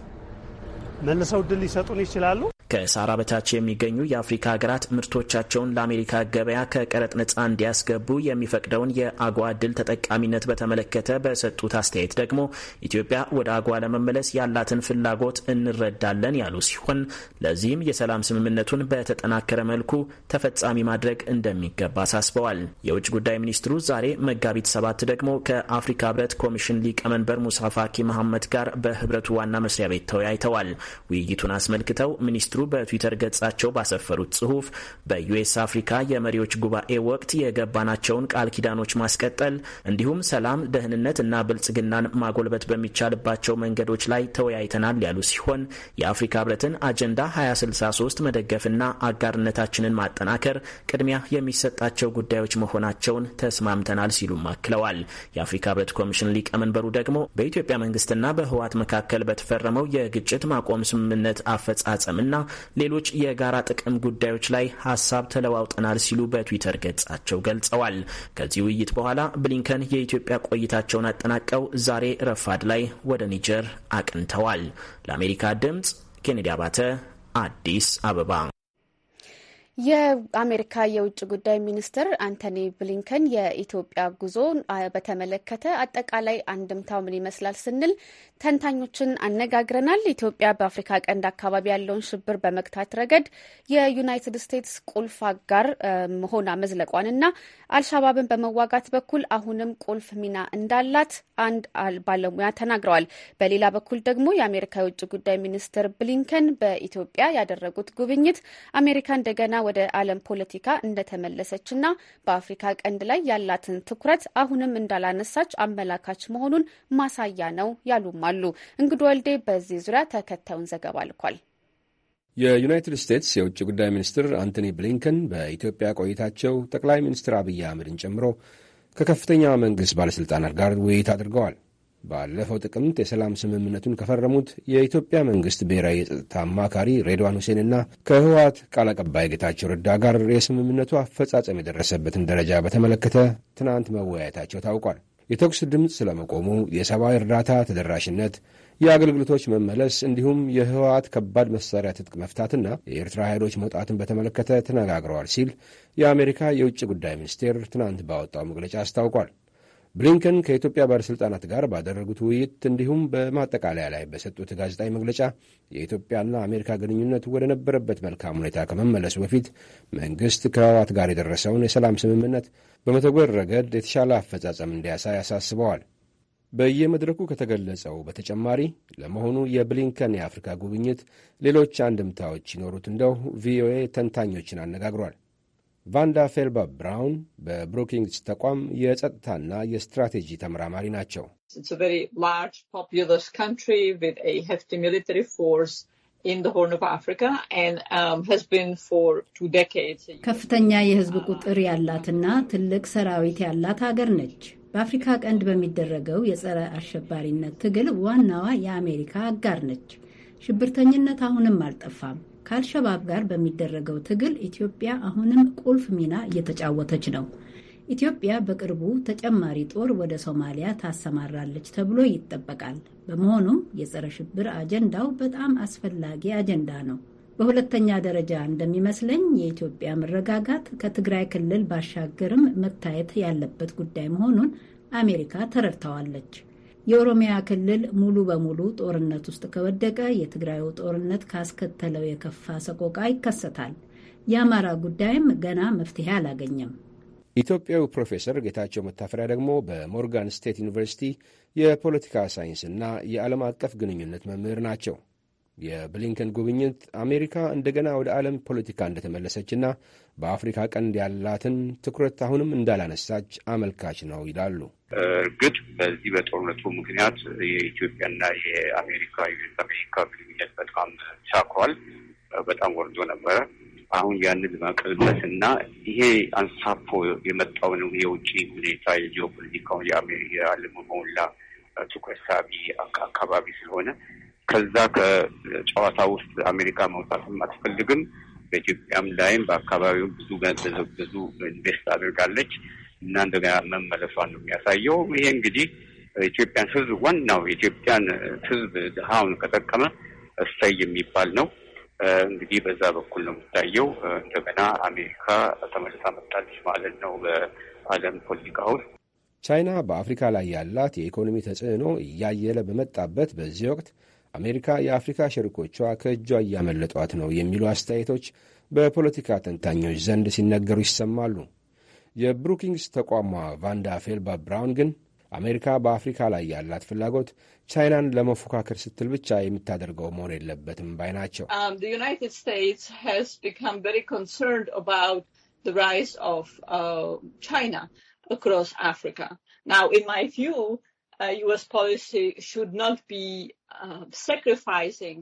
መልሰው እድል ሊሰጡን ይችላሉ። ከሳራ በታች የሚገኙ የአፍሪካ ሀገራት ምርቶቻቸውን ለአሜሪካ ገበያ ከቀረጥ ነጻ እንዲያስገቡ የሚፈቅደውን የአጓ እድል ተጠቃሚነት በተመለከተ በሰጡት አስተያየት ደግሞ ኢትዮጵያ ወደ አጓ ለመመለስ ያላትን ፍላጎት እንረዳለን ያሉ ሲሆን ለዚህም የሰላም ስምምነቱን በተጠናከረ መልኩ ተፈጻሚ ማድረግ እንደሚገባ አሳስበዋል። የውጭ ጉዳይ ሚኒስትሩ ዛሬ መጋቢት ሰባት ደግሞ ከአፍሪካ ህብረት ኮሚሽን ሊቀመንበር ሙሳ ፋኪ መሐመድ ጋር በህብረቱ ዋና መስሪያ ቤት ተወያይተዋል። ውይይቱን አስመልክተው ሚኒስትሩ ሚኒስትሩ በትዊተር ገጻቸው ባሰፈሩት ጽሁፍ በዩኤስ አፍሪካ የመሪዎች ጉባኤ ወቅት የገባናቸውን ቃል ኪዳኖች ማስቀጠል እንዲሁም ሰላም፣ ደህንነት እና ብልጽግናን ማጎልበት በሚቻልባቸው መንገዶች ላይ ተወያይተናል ያሉ ሲሆን የአፍሪካ ህብረትን አጀንዳ 2063 መደገፍና አጋርነታችንን ማጠናከር ቅድሚያ የሚሰጣቸው ጉዳዮች መሆናቸውን ተስማምተናል ሲሉም አክለዋል። የአፍሪካ ህብረት ኮሚሽን ሊቀመንበሩ ደግሞ በኢትዮጵያ መንግስትና በህወሓት መካከል በተፈረመው የግጭት ማቆም ስምምነት አፈጻጸምና ሌሎች የጋራ ጥቅም ጉዳዮች ላይ ሀሳብ ተለዋውጠናል ሲሉ በትዊተር ገጻቸው ገልጸዋል። ከዚህ ውይይት በኋላ ብሊንከን የኢትዮጵያ ቆይታቸውን አጠናቀው ዛሬ ረፋድ ላይ ወደ ኒጀር አቅንተዋል። ለአሜሪካ ድምጽ ኬኔዲ አባተ አዲስ አበባ የአሜሪካ የውጭ ጉዳይ ሚኒስትር አንቶኒ ብሊንከን የኢትዮጵያ ጉዞ በተመለከተ አጠቃላይ አንድምታው ምን ይመስላል ስንል ተንታኞችን አነጋግረናል። ኢትዮጵያ በአፍሪካ ቀንድ አካባቢ ያለውን ሽብር በመግታት ረገድ የዩናይትድ ስቴትስ ቁልፍ አጋር መሆኗ መዝለቋንና አልሻባብን በመዋጋት በኩል አሁንም ቁልፍ ሚና እንዳላት አንድ ባለሙያ ተናግረዋል። በሌላ በኩል ደግሞ የአሜሪካ የውጭ ጉዳይ ሚኒስትር ብሊንከን በኢትዮጵያ ያደረጉት ጉብኝት አሜሪካ እንደገና ወደ ዓለም ፖለቲካ እንደተመለሰችና በአፍሪካ ቀንድ ላይ ያላትን ትኩረት አሁንም እንዳላነሳች አመላካች መሆኑን ማሳያ ነው ያሉም አሉ። እንግዶ ወልዴ በዚህ ዙሪያ ተከታዩን ዘገባ ልኳል። የዩናይትድ ስቴትስ የውጭ ጉዳይ ሚኒስትር አንቶኒ ብሊንከን በኢትዮጵያ ቆይታቸው ጠቅላይ ሚኒስትር አብይ አህመድን ጨምሮ ከከፍተኛ መንግሥት ባለሥልጣናት ጋር ውይይት አድርገዋል። ባለፈው ጥቅምት የሰላም ስምምነቱን ከፈረሙት የኢትዮጵያ መንግስት ብሔራዊ የጸጥታ አማካሪ ሬድዋን ሁሴንና ከህወሓት ቃል አቀባይ ጌታቸው ረዳ ጋር የስምምነቱ አፈጻጸም የደረሰበትን ደረጃ በተመለከተ ትናንት መወያየታቸው ታውቋል። የተኩስ ድምፅ ስለመቆሙ፣ የሰብአዊ እርዳታ ተደራሽነት፣ የአገልግሎቶች መመለስ እንዲሁም የህወሓት ከባድ መሳሪያ ትጥቅ መፍታትና የኤርትራ ኃይሎች መውጣትን በተመለከተ ተነጋግረዋል ሲል የአሜሪካ የውጭ ጉዳይ ሚኒስቴር ትናንት ባወጣው መግለጫ አስታውቋል። ብሊንከን ከኢትዮጵያ ባለሥልጣናት ጋር ባደረጉት ውይይት እንዲሁም በማጠቃለያ ላይ በሰጡት ጋዜጣዊ መግለጫ የኢትዮጵያና አሜሪካ ግንኙነት ወደ ነበረበት መልካም ሁኔታ ከመመለሱ በፊት መንግሥት ከህወሓት ጋር የደረሰውን የሰላም ስምምነት በመተግበር ረገድ የተሻለ አፈጻጸም እንዲያሳይ አሳስበዋል። በየመድረኩ ከተገለጸው በተጨማሪ ለመሆኑ የብሊንከን የአፍሪካ ጉብኝት ሌሎች አንድምታዎች ይኖሩት እንደው ቪኦኤ ተንታኞችን አነጋግሯል። ቫንዳ ፌልባ ብራውን በብሮኪንግስ ተቋም የጸጥታና የስትራቴጂ ተመራማሪ ናቸው። um, ከፍተኛ የህዝብ ቁጥር ያላትና ትልቅ ሰራዊት ያላት ሀገር ነች። በአፍሪካ ቀንድ በሚደረገው የጸረ አሸባሪነት ትግል ዋናዋ የአሜሪካ አጋር ነች። ሽብርተኝነት አሁንም አልጠፋም። ከአልሸባብ ጋር በሚደረገው ትግል ኢትዮጵያ አሁንም ቁልፍ ሚና እየተጫወተች ነው። ኢትዮጵያ በቅርቡ ተጨማሪ ጦር ወደ ሶማሊያ ታሰማራለች ተብሎ ይጠበቃል። በመሆኑም የጸረ ሽብር አጀንዳው በጣም አስፈላጊ አጀንዳ ነው። በሁለተኛ ደረጃ እንደሚመስለኝ የኢትዮጵያ መረጋጋት ከትግራይ ክልል ባሻገርም መታየት ያለበት ጉዳይ መሆኑን አሜሪካ ተረድተዋለች። የኦሮሚያ ክልል ሙሉ በሙሉ ጦርነት ውስጥ ከወደቀ የትግራዩ ጦርነት ካስከተለው የከፋ ሰቆቃ ይከሰታል። የአማራ ጉዳይም ገና መፍትሄ አላገኘም። ኢትዮጵያዊ ፕሮፌሰር ጌታቸው መታፈሪያ ደግሞ በሞርጋን ስቴት ዩኒቨርሲቲ የፖለቲካ ሳይንስና የዓለም አቀፍ ግንኙነት መምህር ናቸው። የብሊንከን ጉብኝት አሜሪካ እንደገና ወደ ዓለም ፖለቲካ እንደተመለሰችና በአፍሪካ ቀንድ ያላትን ትኩረት አሁንም እንዳላነሳች አመልካች ነው ይላሉ። እርግጥ በዚህ በጦርነቱ ምክንያት የኢትዮጵያና የአሜሪካ አሜሪካ ግንኙነት በጣም ሻክሯል፣ በጣም ወርዶ ነበረ። አሁን ያንን ለመቀልበስና ይሄ አንሳፎ የመጣውን የውጭ ሁኔታ የጂኦፖለቲካውን የአለም መላ ትኩረት ሳቢ አካባቢ ስለሆነ ከዛ ከጨዋታ ውስጥ አሜሪካ መውጣትም አትፈልግም። በኢትዮጵያም ላይም በአካባቢው ብዙ ብዙ ኢንቨስት አድርጋለች እና እንደገና መመለሷን ነው የሚያሳየው። ይሄ እንግዲህ ኢትዮጵያን ሕዝብ ዋናው የኢትዮጵያን ሕዝብ ድሃውን ከጠቀመ እሰይ የሚባል ነው። እንግዲህ በዛ በኩል ነው የሚታየው። እንደገና አሜሪካ ተመልሳ መጣለች ማለት ነው በዓለም ፖለቲካ ውስጥ። ቻይና በአፍሪካ ላይ ያላት የኢኮኖሚ ተጽዕኖ እያየለ በመጣበት በዚህ ወቅት አሜሪካ የአፍሪካ ሸሪኮቿ ከእጇ እያመለጧት ነው የሚሉ አስተያየቶች በፖለቲካ ተንታኞች ዘንድ ሲነገሩ ይሰማሉ። የብሩኪንግስ ተቋሟ ቫንዳ ፌልባ ብራውን ግን አሜሪካ በአፍሪካ ላይ ያላት ፍላጎት ቻይናን ለመፎካከር ስትል ብቻ የምታደርገው መሆን የለበትም ባይ ናቸው። ዩናይትድ ስቴትስ ቨሪ ኦፍ ቻይና አፍሪካ ዩኤስ Uh,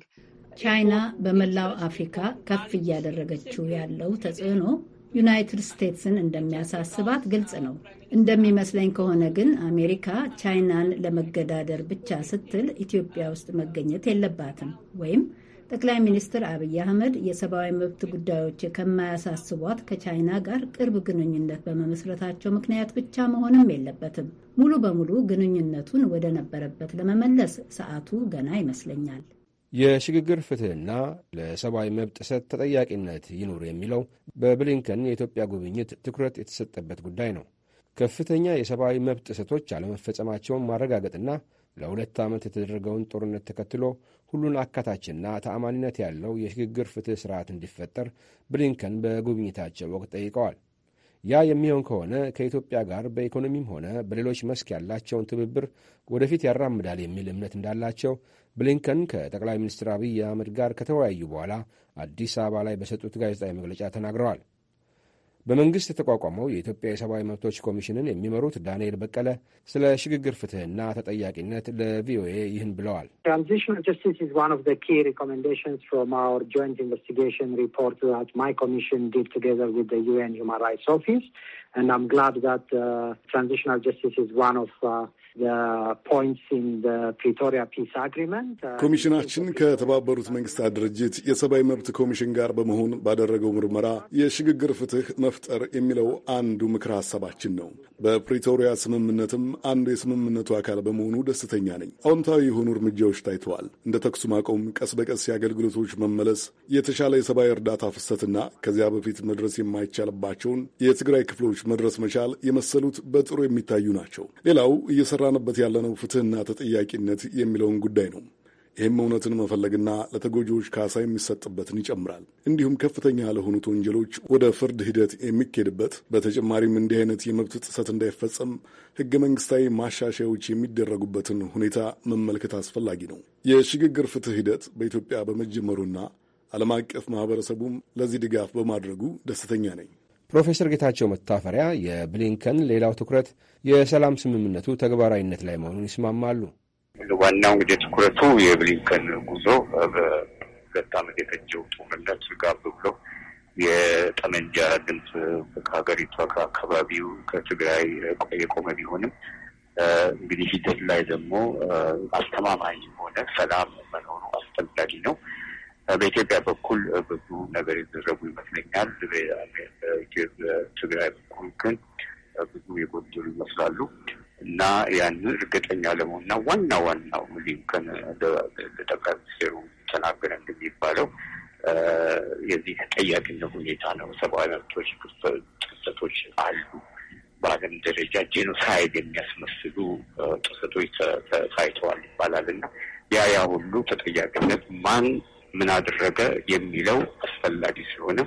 ቻይና በመላው አፍሪካ ከፍ እያደረገችው ያለው ተጽዕኖ ዩናይትድ ስቴትስን እንደሚያሳስባት ግልጽ ነው። እንደሚመስለኝ ከሆነ ግን አሜሪካ ቻይናን ለመገዳደር ብቻ ስትል ኢትዮጵያ ውስጥ መገኘት የለባትም ወይም ጠቅላይ ሚኒስትር አብይ አህመድ የሰብአዊ መብት ጉዳዮች ከማያሳስቧት ከቻይና ጋር ቅርብ ግንኙነት በመመስረታቸው ምክንያት ብቻ መሆንም የለበትም። ሙሉ በሙሉ ግንኙነቱን ወደ ነበረበት ለመመለስ ሰዓቱ ገና ይመስለኛል። የሽግግር ፍትህና ለሰብአዊ መብት ጥሰት ተጠያቂነት ይኑር የሚለው በብሊንከን የኢትዮጵያ ጉብኝት ትኩረት የተሰጠበት ጉዳይ ነው። ከፍተኛ የሰብአዊ መብት ጥሰቶች አለመፈጸማቸውን ማረጋገጥና ለሁለት ዓመት የተደረገውን ጦርነት ተከትሎ ሁሉን አካታችና ተአማኒነት ያለው የሽግግር ፍትሕ ሥርዓት እንዲፈጠር ብሊንከን በጉብኝታቸው ወቅት ጠይቀዋል። ያ የሚሆን ከሆነ ከኢትዮጵያ ጋር በኢኮኖሚም ሆነ በሌሎች መስክ ያላቸውን ትብብር ወደፊት ያራምዳል የሚል እምነት እንዳላቸው ብሊንከን ከጠቅላይ ሚኒስትር አብይ አህመድ ጋር ከተወያዩ በኋላ አዲስ አበባ ላይ በሰጡት ጋዜጣዊ መግለጫ ተናግረዋል። በመንግስት የተቋቋመው የኢትዮጵያ የሰብአዊ መብቶች ኮሚሽንን የሚመሩት ዳንኤል በቀለ ስለ ሽግግር ፍትህና ተጠያቂነት ለቪኦኤ ይህን ብለዋል። ዩኤን ሁማን ራይትስ ኦፊስ ትራንዚሽናል ጀስቲስ ዋን Uh, ኮሚሽናችን ከተባበሩት መንግስታት ድርጅት የሰብአዊ መብት ኮሚሽን ጋር በመሆን ባደረገው ምርመራ የሽግግር ፍትህ መፍጠር የሚለው አንዱ ምክር ሀሳባችን ነው። በፕሪቶሪያ ስምምነትም አንዱ የስምምነቱ አካል በመሆኑ ደስተኛ ነኝ። አዎንታዊ የሆኑ እርምጃዎች ታይተዋል። እንደ ተኩስ ማቆም፣ ቀስ በቀስ የአገልግሎቶች መመለስ፣ የተሻለ የሰብአዊ እርዳታ ፍሰትና ከዚያ በፊት መድረስ የማይቻልባቸውን የትግራይ ክፍሎች መድረስ መቻል የመሰሉት በጥሩ የሚታዩ ናቸው። ሌላው እየሰራ እየሰራንበት ያለነው ፍትህና ተጠያቂነት የሚለውን ጉዳይ ነው። ይህም እውነትን መፈለግና ለተጎጂዎች ካሳ የሚሰጥበትን ይጨምራል። እንዲሁም ከፍተኛ ለሆኑት ወንጀሎች ወደ ፍርድ ሂደት የሚኬድበት በተጨማሪም እንዲህ አይነት የመብት ጥሰት እንዳይፈጸም ህገ መንግስታዊ ማሻሻያዎች የሚደረጉበትን ሁኔታ መመልከት አስፈላጊ ነው። የሽግግር ፍትህ ሂደት በኢትዮጵያ በመጀመሩና ዓለም አቀፍ ማህበረሰቡም ለዚህ ድጋፍ በማድረጉ ደስተኛ ነኝ። ፕሮፌሰር ጌታቸው መታፈሪያ የብሊንከን ሌላው ትኩረት የሰላም ስምምነቱ ተግባራዊነት ላይ መሆኑን ይስማማሉ። ዋናው እንግዲህ ትኩረቱ የብሊንከን ጉዞ በሁለት ዓመት የፈጀው ጦርነት ጋብ ብሎ የጠመንጃ ድምፅ ከሀገሪቷ ከአካባቢው ከትግራይ የቆመ ቢሆንም እንግዲህ ሂደት ላይ ደግሞ አስተማማኝ የሆነ ሰላም መኖሩ አስፈላጊ ነው። በኢትዮጵያ በኩል ብዙ ነገር የተደረጉ ይመስለኛል። በትግራይ በኩል ግን ብዙ የጎደሉ ይመስላሉ እና ያንን እርግጠኛ ለመሆንና ዋና ዋናው እንግዲህ ጠቅላይ ሚኒስቴሩ ተናገረ እንደሚባለው የዚህ ተጠያቂነት ሁኔታ ነው። ሰብአዊ መብቶች ጥሰቶች አሉ። በዓለም ደረጃ ጄኖሳይድ የሚያስመስሉ ጥሰቶች ታይተዋል ይባላል እና ያ ያ ሁሉ ተጠያቂነት ማን ምን አደረገ የሚለው አስፈላጊ ስለሆነ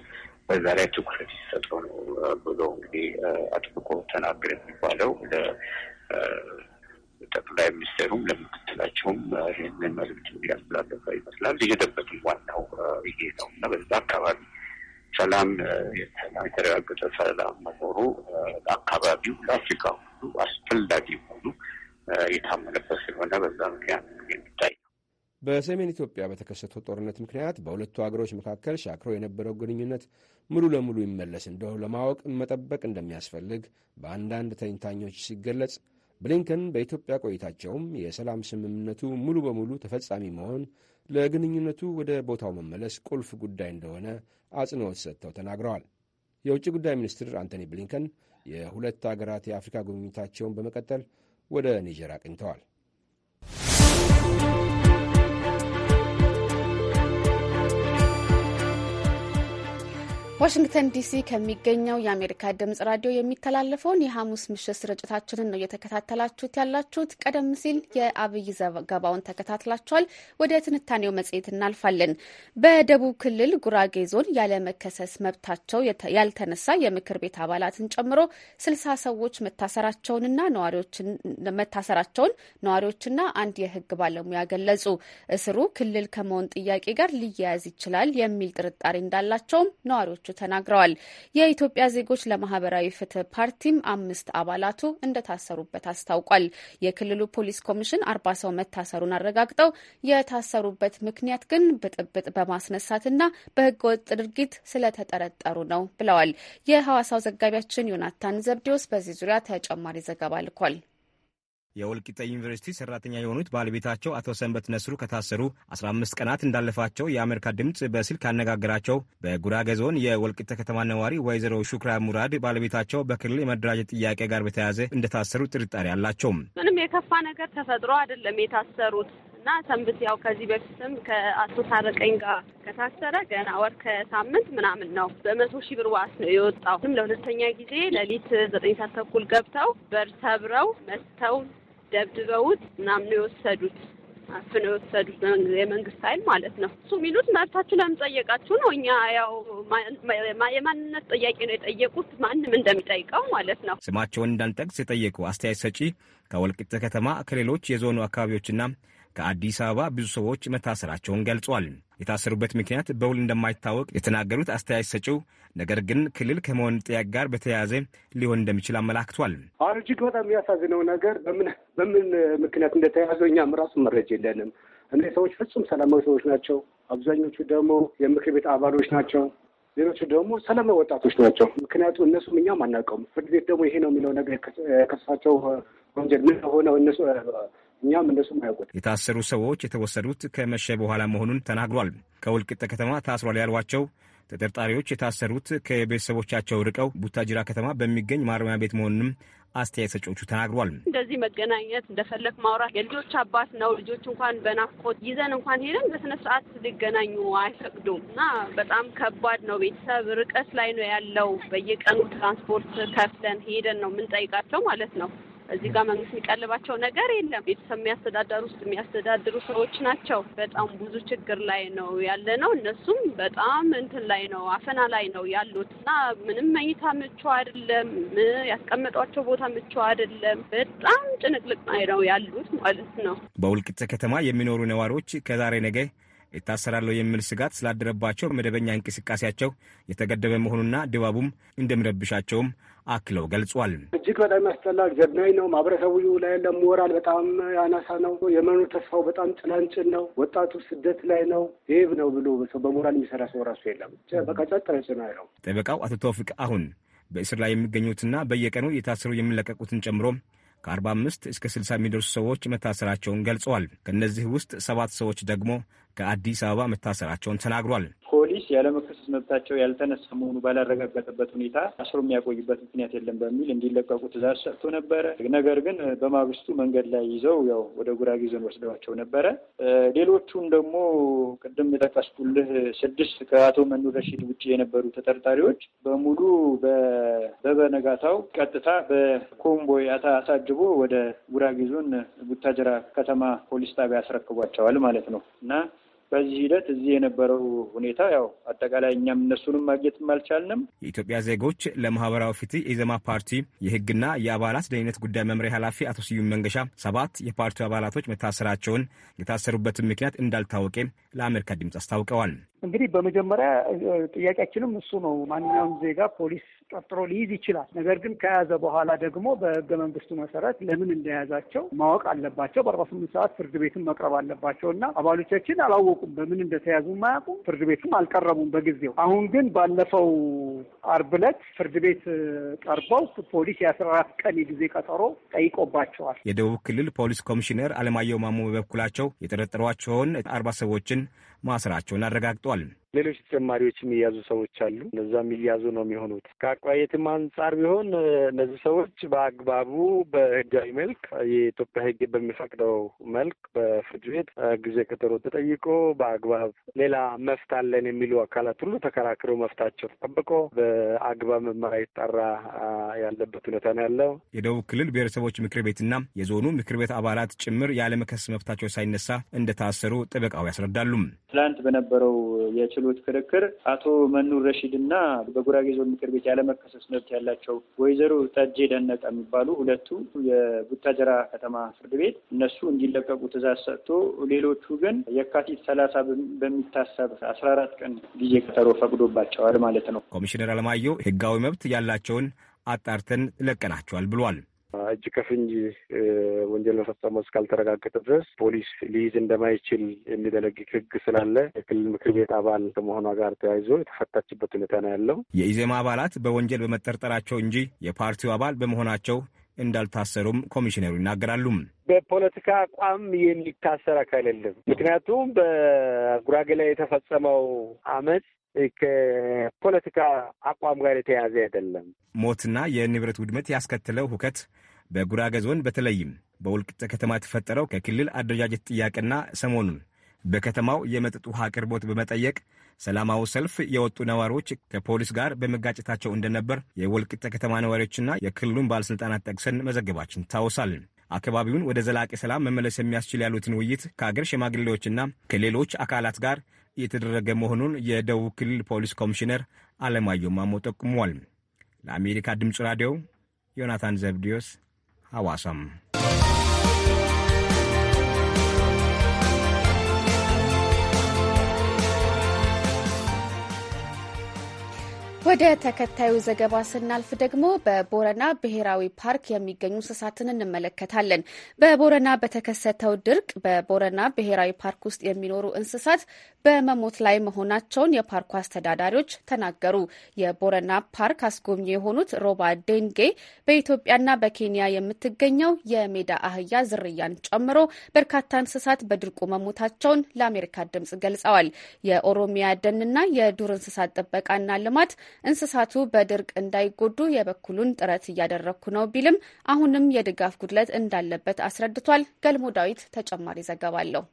በዛ ላይ ትኩረት ይሰጠው ነው ብሎ እንግዲህ አጥብቆ ተናገር የሚባለው ለጠቅላይ ሚኒስትሩም ለምክትላቸውም ይህንን መልዕክት እንዲያስተላለፈ ይመስላል። የሄደበትም ዋናው ይሄ ነው እና በዛ አካባቢ ሰላም የተረጋገጠ ሰላም መኖሩ ለአካባቢው ለአፍሪካ ሁሉ አስፈላጊ መሆኑ የታመነበት ስለሆነ በዛ ምክንያት የሚታይ በሰሜን ኢትዮጵያ በተከሰተው ጦርነት ምክንያት በሁለቱ አገሮች መካከል ሻክሮ የነበረው ግንኙነት ሙሉ ለሙሉ ይመለስ እንደው ለማወቅ መጠበቅ እንደሚያስፈልግ በአንዳንድ ተንታኞች ሲገለጽ፣ ብሊንከን በኢትዮጵያ ቆይታቸውም የሰላም ስምምነቱ ሙሉ በሙሉ ተፈጻሚ መሆን ለግንኙነቱ ወደ ቦታው መመለስ ቁልፍ ጉዳይ እንደሆነ አጽንዖት ሰጥተው ተናግረዋል። የውጭ ጉዳይ ሚኒስትር አንቶኒ ብሊንከን የሁለት አገራት የአፍሪካ ጉብኝታቸውን በመቀጠል ወደ ኒጀር አቅኝተዋል። ዋሽንግተን ዲሲ ከሚገኘው የአሜሪካ ድምጽ ራዲዮ የሚተላለፈውን የሐሙስ ምሽት ስርጭታችንን ነው እየተከታተላችሁት ያላችሁት። ቀደም ሲል የአብይ ዘገባውን ተከታትላችኋል። ወደ ትንታኔው መጽሔት እናልፋለን። በደቡብ ክልል ጉራጌ ዞን ያለመከሰስ መብታቸው ያልተነሳ የምክር ቤት አባላትን ጨምሮ ስልሳ ሰዎች መታሰራቸውንና መታሰራቸውን ነዋሪዎችና አንድ የህግ ባለሙያ ገለጹ። እስሩ ክልል ከመሆን ጥያቄ ጋር ሊያያዝ ይችላል የሚል ጥርጣሬ እንዳላቸውም ነዋሪዎች መሆናቸው ተናግረዋል። የኢትዮጵያ ዜጎች ለማህበራዊ ፍትህ ፓርቲም አምስት አባላቱ እንደታሰሩበት አስታውቋል። የክልሉ ፖሊስ ኮሚሽን አርባ ሰው መታሰሩን አረጋግጠው የታሰሩበት ምክንያት ግን ብጥብጥ በማስነሳትና በህገወጥ ድርጊት ስለተጠረጠሩ ነው ብለዋል። የሐዋሳው ዘጋቢያችን ዮናታን ዘብዴዎስ በዚህ ዙሪያ ተጨማሪ ዘገባ ልኳል። የወልቂጤ ዩኒቨርሲቲ ሰራተኛ የሆኑት ባለቤታቸው አቶ ሰንበት ነስሩ ከታሰሩ 15 ቀናት እንዳለፋቸው የአሜሪካ ድምፅ በስልክ ያነጋገራቸው በጉራጌ ዞን የወልቂጤ ከተማ ነዋሪ ወይዘሮ ሹክራ ሙራድ ባለቤታቸው በክልል የመደራጀት ጥያቄ ጋር በተያያዘ እንደታሰሩ ጥርጣሬ አላቸው። ምንም የከፋ ነገር ተፈጥሮ አይደለም የታሰሩት እና ሰንብት ያው ከዚህ በፊትም ከአቶ ታረቀኝ ጋር ከታሰረ ገና ወር ከሳምንት ምናምን ነው። በመቶ ሺህ ብር ዋስ ነው የወጣው። ለሁለተኛ ጊዜ ሌሊት ዘጠኝ ሰዓት ተኩል ገብተው በር ሰብረው መጥተው ደብድበውት ምናምን ነው የወሰዱት አፍነው የወሰዱት የመንግስት ኃይል ማለት ነው። እሱ የሚሉት መብታችሁ ለምን ጠየቃችሁ ነው። እኛ ያው የማንነት ጥያቄ ነው የጠየቁት፣ ማንም እንደሚጠይቀው ማለት ነው። ስማቸውን እንዳንጠቅስ የጠየቁ አስተያየት ሰጪ ከወልቂጤ ከተማ ከሌሎች የዞኑ አካባቢዎችና ከአዲስ አበባ ብዙ ሰዎች መታሰራቸውን ገልጿል። የታሰሩበት ምክንያት በውል እንደማይታወቅ የተናገሩት አስተያየት ሰጪው ነገር ግን ክልል ከመሆን ጥያቄ ጋር በተያያዘ ሊሆን እንደሚችል አመላክቷል። አሁን እጅግ በጣም የሚያሳዝነው ነገር በምን በምን ምክንያት እንደተያያዘ እኛም ራሱ መረጃ የለንም። እነዚህ ሰዎች ፍጹም ሰላማዊ ሰዎች ናቸው። አብዛኞቹ ደግሞ የምክር ቤት አባሎች ናቸው። ሌሎቹ ደግሞ ሰላማዊ ወጣቶች ናቸው። ምክንያቱም እነሱም እኛም አናውቀውም። ፍርድ ቤት ደግሞ ይሄ ነው የሚለው ነገር የከሳቸው ወንጀል ምን ሆነው እነሱ እኛም እንደሱም አያውቁት። የታሰሩ ሰዎች የተወሰዱት ከመሸ በኋላ መሆኑን ተናግሯል። ከወልቅጠ ከተማ ታስሯል ያሏቸው ተጠርጣሪዎች የታሰሩት ከቤተሰቦቻቸው ርቀው ቡታጅራ ከተማ በሚገኝ ማረሚያ ቤት መሆኑንም አስተያየት ሰጪዎቹ ተናግሯል። እንደዚህ መገናኘት እንደፈለግ ማውራት የልጆች አባት ነው። ልጆች እንኳን በናፍቆት ይዘን እንኳን ሄደን በስነ ስርዓት ሊገናኙ አይፈቅዱም እና በጣም ከባድ ነው። ቤተሰብ ርቀት ላይ ነው ያለው። በየቀኑ ትራንስፖርት ከፍለን ሄደን ነው የምንጠይቃቸው ማለት ነው። እዚህ ጋር መንግስት የሚቀልባቸው ነገር የለም። ቤተሰብ የሚያስተዳደሩ ውስጥ የሚያስተዳድሩ ሰዎች ናቸው። በጣም ብዙ ችግር ላይ ነው ያለ ነው። እነሱም በጣም እንትን ላይ ነው፣ አፈና ላይ ነው ያሉት እና ምንም መኝታ ምቹ አይደለም። ያስቀመጧቸው ቦታ ምቹ አይደለም። በጣም ጭንቅልቅ ላይ ነው ያሉት ማለት ነው። በውልቅጽ ከተማ የሚኖሩ ነዋሪዎች ከዛሬ ነገ ይታሰራለሁ የሚል ስጋት ስላደረባቸው መደበኛ እንቅስቃሴያቸው የተገደበ መሆኑና ድባቡም እንደሚረብሻቸውም አክለው ገልጿል። እጅግ በጣም ያስጠላል። ዘግናኝ ነው። ማህበረሰቡ ላይ ለሞራል በጣም ያናሳ ነው። የመኖር ተስፋው በጣም ጭላንጭል ነው። ወጣቱ ስደት ላይ ነው። ይህብ ነው ብሎ በሞራል የሚሰራ ሰው ራሱ የለም። በቃ ጫጥ ነው። ጠበቃው አቶ ተውፊቅ አሁን በእስር ላይ የሚገኙትና በየቀኑ የታሰሩ የሚለቀቁትን ጨምሮ ከ45 እስከ 60 የሚደርሱ ሰዎች መታሰራቸውን ገልጸዋል። ከእነዚህ ውስጥ ሰባት ሰዎች ደግሞ ከአዲስ አበባ መታሰራቸውን ተናግሯል። ያለመከሰስ መብታቸው ያልተነሳ መሆኑ ባላረጋገጠበት ሁኔታ አስሮ የሚያቆይበት ምክንያት የለም በሚል እንዲለቀቁ ትእዛዝ ሰጥቶ ነበረ። ነገር ግን በማግስቱ መንገድ ላይ ይዘው ያው ወደ ጉራጌ ዞን ወስደዋቸው ነበረ። ሌሎቹን ደግሞ ቅድም የጠቀስኩልህ ስድስት ከአቶ መኑ ረሺድ ውጭ የነበሩ ተጠርጣሪዎች በሙሉ በበነጋታው ቀጥታ በኮምቦይ አሳጅቦ ወደ ጉራጌ ዞን ቡታጀራ ከተማ ፖሊስ ጣቢያ ያስረክቧቸዋል ማለት ነው እና በዚህ ሂደት እዚህ የነበረው ሁኔታ ያው አጠቃላይ እኛም እነሱንም ማግኘትም አልቻልንም። የኢትዮጵያ ዜጎች ለማህበራዊ ፍትህ የኢዜማ ፓርቲ የህግና የአባላት ደህንነት ጉዳይ መምሪያ ኃላፊ አቶ ስዩም መንገሻ ሰባት የፓርቲው አባላቶች መታሰራቸውን የታሰሩበትን ምክንያት እንዳልታወቀ ለአሜሪካ ድምፅ አስታውቀዋል። እንግዲህ በመጀመሪያ ጥያቄያችንም እሱ ነው። ማንኛውም ዜጋ ፖሊስ ጠርጥሮ ሊይዝ ይችላል። ነገር ግን ከያዘ በኋላ ደግሞ በህገ መንግስቱ መሰረት ለምን እንደያዛቸው ማወቅ አለባቸው። በአርባ ስምንት ሰዓት ፍርድ ቤትም መቅረብ አለባቸው እና አባሎቻችን አላወቁም፣ በምን እንደተያዙ ማያውቁም። ፍርድ ቤትም አልቀረቡም በጊዜው። አሁን ግን ባለፈው አርብ ዕለት ፍርድ ቤት ቀርበው ፖሊስ የአስራ አራት ቀን የጊዜ ቀጠሮ ጠይቆባቸዋል። የደቡብ ክልል ፖሊስ ኮሚሽነር አለማየሁ ማሞ በበኩላቸው የጠረጠሯቸውን አርባ ሰዎችን ማስራቸውን አረጋግጧል። ሌሎች ተጨማሪዎች የሚያዙ ሰዎች አሉ። እነዛ የሚያዙ ነው የሚሆኑት። ከአቋየትም አንጻር ቢሆን እነዚህ ሰዎች በአግባቡ በህጋዊ መልክ የኢትዮጵያ ህግ በሚፈቅደው መልክ በፍርድ ቤት ጊዜ ቀጠሮ ተጠይቆ በአግባብ ሌላ መፍት አለን የሚሉ አካላት ሁሉ ተከራክሮ መፍታቸው ተጠብቆ በአግባብ ምርመራ የተጠራ ያለበት ሁኔታ ነው ያለው። የደቡብ ክልል ብሔረሰቦች ምክር ቤትና የዞኑ ምክር ቤት አባላት ጭምር ያለመከሰስ መፍታቸው ሳይነሳ እንደታሰሩ ጠበቃው ያስረዳሉ። ትላንት በነበረው የችሎ አገልግሎት ክርክር አቶ መኑር ረሺድ እና በጉራጌ ዞን ምክር ቤት ያለመከሰስ መብት ያላቸው ወይዘሮ ጠጄ ደነቀ የሚባሉ ሁለቱ የቡታጀራ ከተማ ፍርድ ቤት እነሱ እንዲለቀቁ ትዛዝ ሰጥቶ ሌሎቹ ግን የካቲት ሰላሳ በሚታሰብ አስራ አራት ቀን ጊዜ ቀጠሮ ፈቅዶባቸዋል ማለት ነው። ኮሚሽነር አለማየሁ ህጋዊ መብት ያላቸውን አጣርተን ለቀናቸዋል ብሏል። እጅ ከፍንጅ ወንጀል መፈጸሙ እስካልተረጋገጠ ድረስ ፖሊስ ሊይዝ እንደማይችል የሚደነግግ ሕግ ስላለ የክልል ምክር ቤት አባል ከመሆኗ ጋር ተያይዞ የተፈታችበት ሁኔታ ነው ያለው። የኢዜማ አባላት በወንጀል በመጠርጠራቸው እንጂ የፓርቲው አባል በመሆናቸው እንዳልታሰሩም ኮሚሽነሩ ይናገራሉ። በፖለቲካ አቋም የሚታሰር አካል የለም። ምክንያቱም በጉራጌ ላይ የተፈጸመው አመፅ ከፖለቲካ አቋም ጋር የተያዘ አይደለም። ሞትና የንብረት ውድመት ያስከተለው ሁከት በጉራጌ ዞን በተለይም በወልቂጤ ከተማ የተፈጠረው ከክልል አደረጃጀት ጥያቄና ሰሞኑን በከተማው የመጠጥ ውሃ አቅርቦት በመጠየቅ ሰላማዊ ሰልፍ የወጡ ነዋሪዎች ከፖሊስ ጋር በመጋጨታቸው እንደነበር የወልቂጤ ከተማ ነዋሪዎችና የክልሉን ባለሥልጣናት ጠቅሰን መዘገባችን ይታወሳልን። አካባቢውን ወደ ዘላቂ ሰላም መመለስ የሚያስችል ያሉትን ውይይት ከአገር ሽማግሌዎችና ከሌሎች አካላት ጋር የተደረገ መሆኑን የደቡብ ክልል ፖሊስ ኮሚሽነር አለማየሁ ማሞ ጠቁመዋል። ለአሜሪካ ድምፅ ራዲዮ ዮናታን ዘብዲዮስ ሐዋሳም ወደ ተከታዩ ዘገባ ስናልፍ ደግሞ በቦረና ብሔራዊ ፓርክ የሚገኙ እንስሳትን እንመለከታለን። በቦረና በተከሰተው ድርቅ በቦረና ብሔራዊ ፓርክ ውስጥ የሚኖሩ እንስሳት በመሞት ላይ መሆናቸውን የፓርኩ አስተዳዳሪዎች ተናገሩ። የቦረና ፓርክ አስጎብኚ የሆኑት ሮባ ዴንጌ በኢትዮጵያና በኬንያ የምትገኘው የሜዳ አህያ ዝርያን ጨምሮ በርካታ እንስሳት በድርቁ መሞታቸውን ለአሜሪካ ድምጽ ገልጸዋል። የኦሮሚያ ደንና የዱር እንስሳት ጥበቃና ልማት እንስሳቱ በድርቅ እንዳይጎዱ የበኩሉን ጥረት እያደረግኩ ነው ቢልም አሁንም የድጋፍ ጉድለት እንዳለበት አስረድቷል። ገልሞ ዳዊት ተጨማሪ ዘገባ አለው።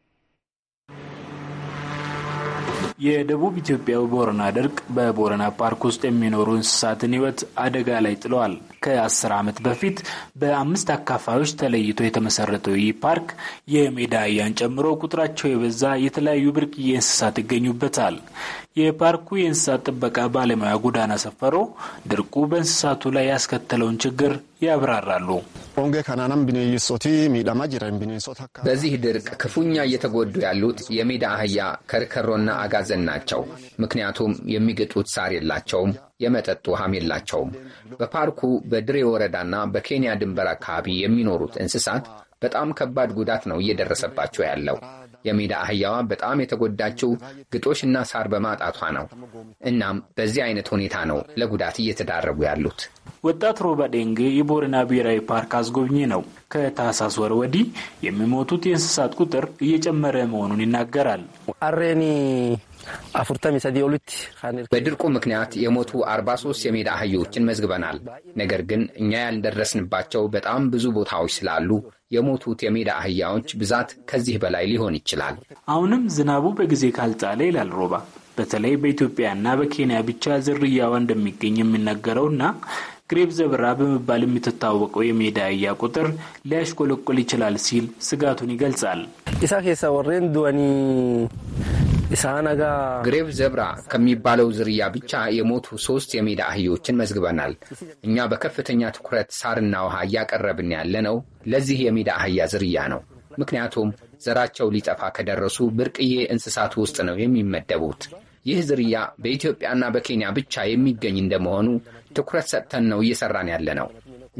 የደቡብ ኢትዮጵያው ቦረና ድርቅ በቦረና ፓርክ ውስጥ የሚኖሩ እንስሳትን ሕይወት አደጋ ላይ ጥለዋል። ከአስር ዓመት በፊት በአምስት አካፋዮች ተለይቶ የተመሰረተው ይህ ፓርክ የሜዳ አህያን ጨምሮ ቁጥራቸው የበዛ የተለያዩ ብርቅዬ እንስሳት ይገኙበታል። የፓርኩ የእንስሳት ጥበቃ ባለሙያ ጎዳና ሰፈሮ ድርቁ በእንስሳቱ ላይ ያስከተለውን ችግር ያብራራሉ። በዚህ ድርቅ ክፉኛ እየተጎዱ ያሉት የሜዳ አህያ ከርከሮና አጋዘን ናቸው። ምክንያቱም የሚግጡት ሳር የላቸውም፣ የመጠጥ ውሃም የላቸውም። በፓርኩ በድሬ ወረዳና በኬንያ ድንበር አካባቢ የሚኖሩት እንስሳት በጣም ከባድ ጉዳት ነው እየደረሰባቸው ያለው። የሜዳ አህያዋ በጣም የተጎዳችው ግጦሽና ሳር በማጣቷ ነው። እናም በዚህ አይነት ሁኔታ ነው ለጉዳት እየተዳረጉ ያሉት። ወጣት ሮባ ዴንግ የቦረና ብሔራዊ ፓርክ አስጎብኚ ነው። ከታህሳስ ወር ወዲህ የሚሞቱት የእንስሳት ቁጥር እየጨመረ መሆኑን ይናገራል። አሬኒ በድርቁ ምክንያት የሞቱ 43 የሜዳ አህዮችን መዝግበናል። ነገር ግን እኛ ያልደረስንባቸው በጣም ብዙ ቦታዎች ስላሉ የሞቱት የሜዳ አህያዎች ብዛት ከዚህ በላይ ሊሆን ይችላል። አሁንም ዝናቡ በጊዜ ካልጣለ ይላል ሮባ። በተለይ በኢትዮጵያና በኬንያ ብቻ ዝርያዋ እንደሚገኝ የሚነገረውና ግሬቭ ዘብራ በመባል የምትታወቀው የሜዳ አህያ ቁጥር ሊያሽቆለቆል ይችላል ሲል ስጋቱን ይገልጻል። ኢሳ ኬሳ ወሬን ዘብራ ከሚባለው ዝርያ ብቻ የሞቱ ሶስት የሜዳ አህዮችን መዝግበናል። እኛ በከፍተኛ ትኩረት ሳርና ውሃ እያቀረብን ያለነው ለዚህ የሜዳ አህያ ዝርያ ነው። ምክንያቱም ዘራቸው ሊጠፋ ከደረሱ ብርቅዬ እንስሳት ውስጥ ነው የሚመደቡት። ይህ ዝርያ በኢትዮጵያና በኬንያ ብቻ የሚገኝ እንደመሆኑ ትኩረት ሰጥተን ነው እየሰራን ያለ ነው።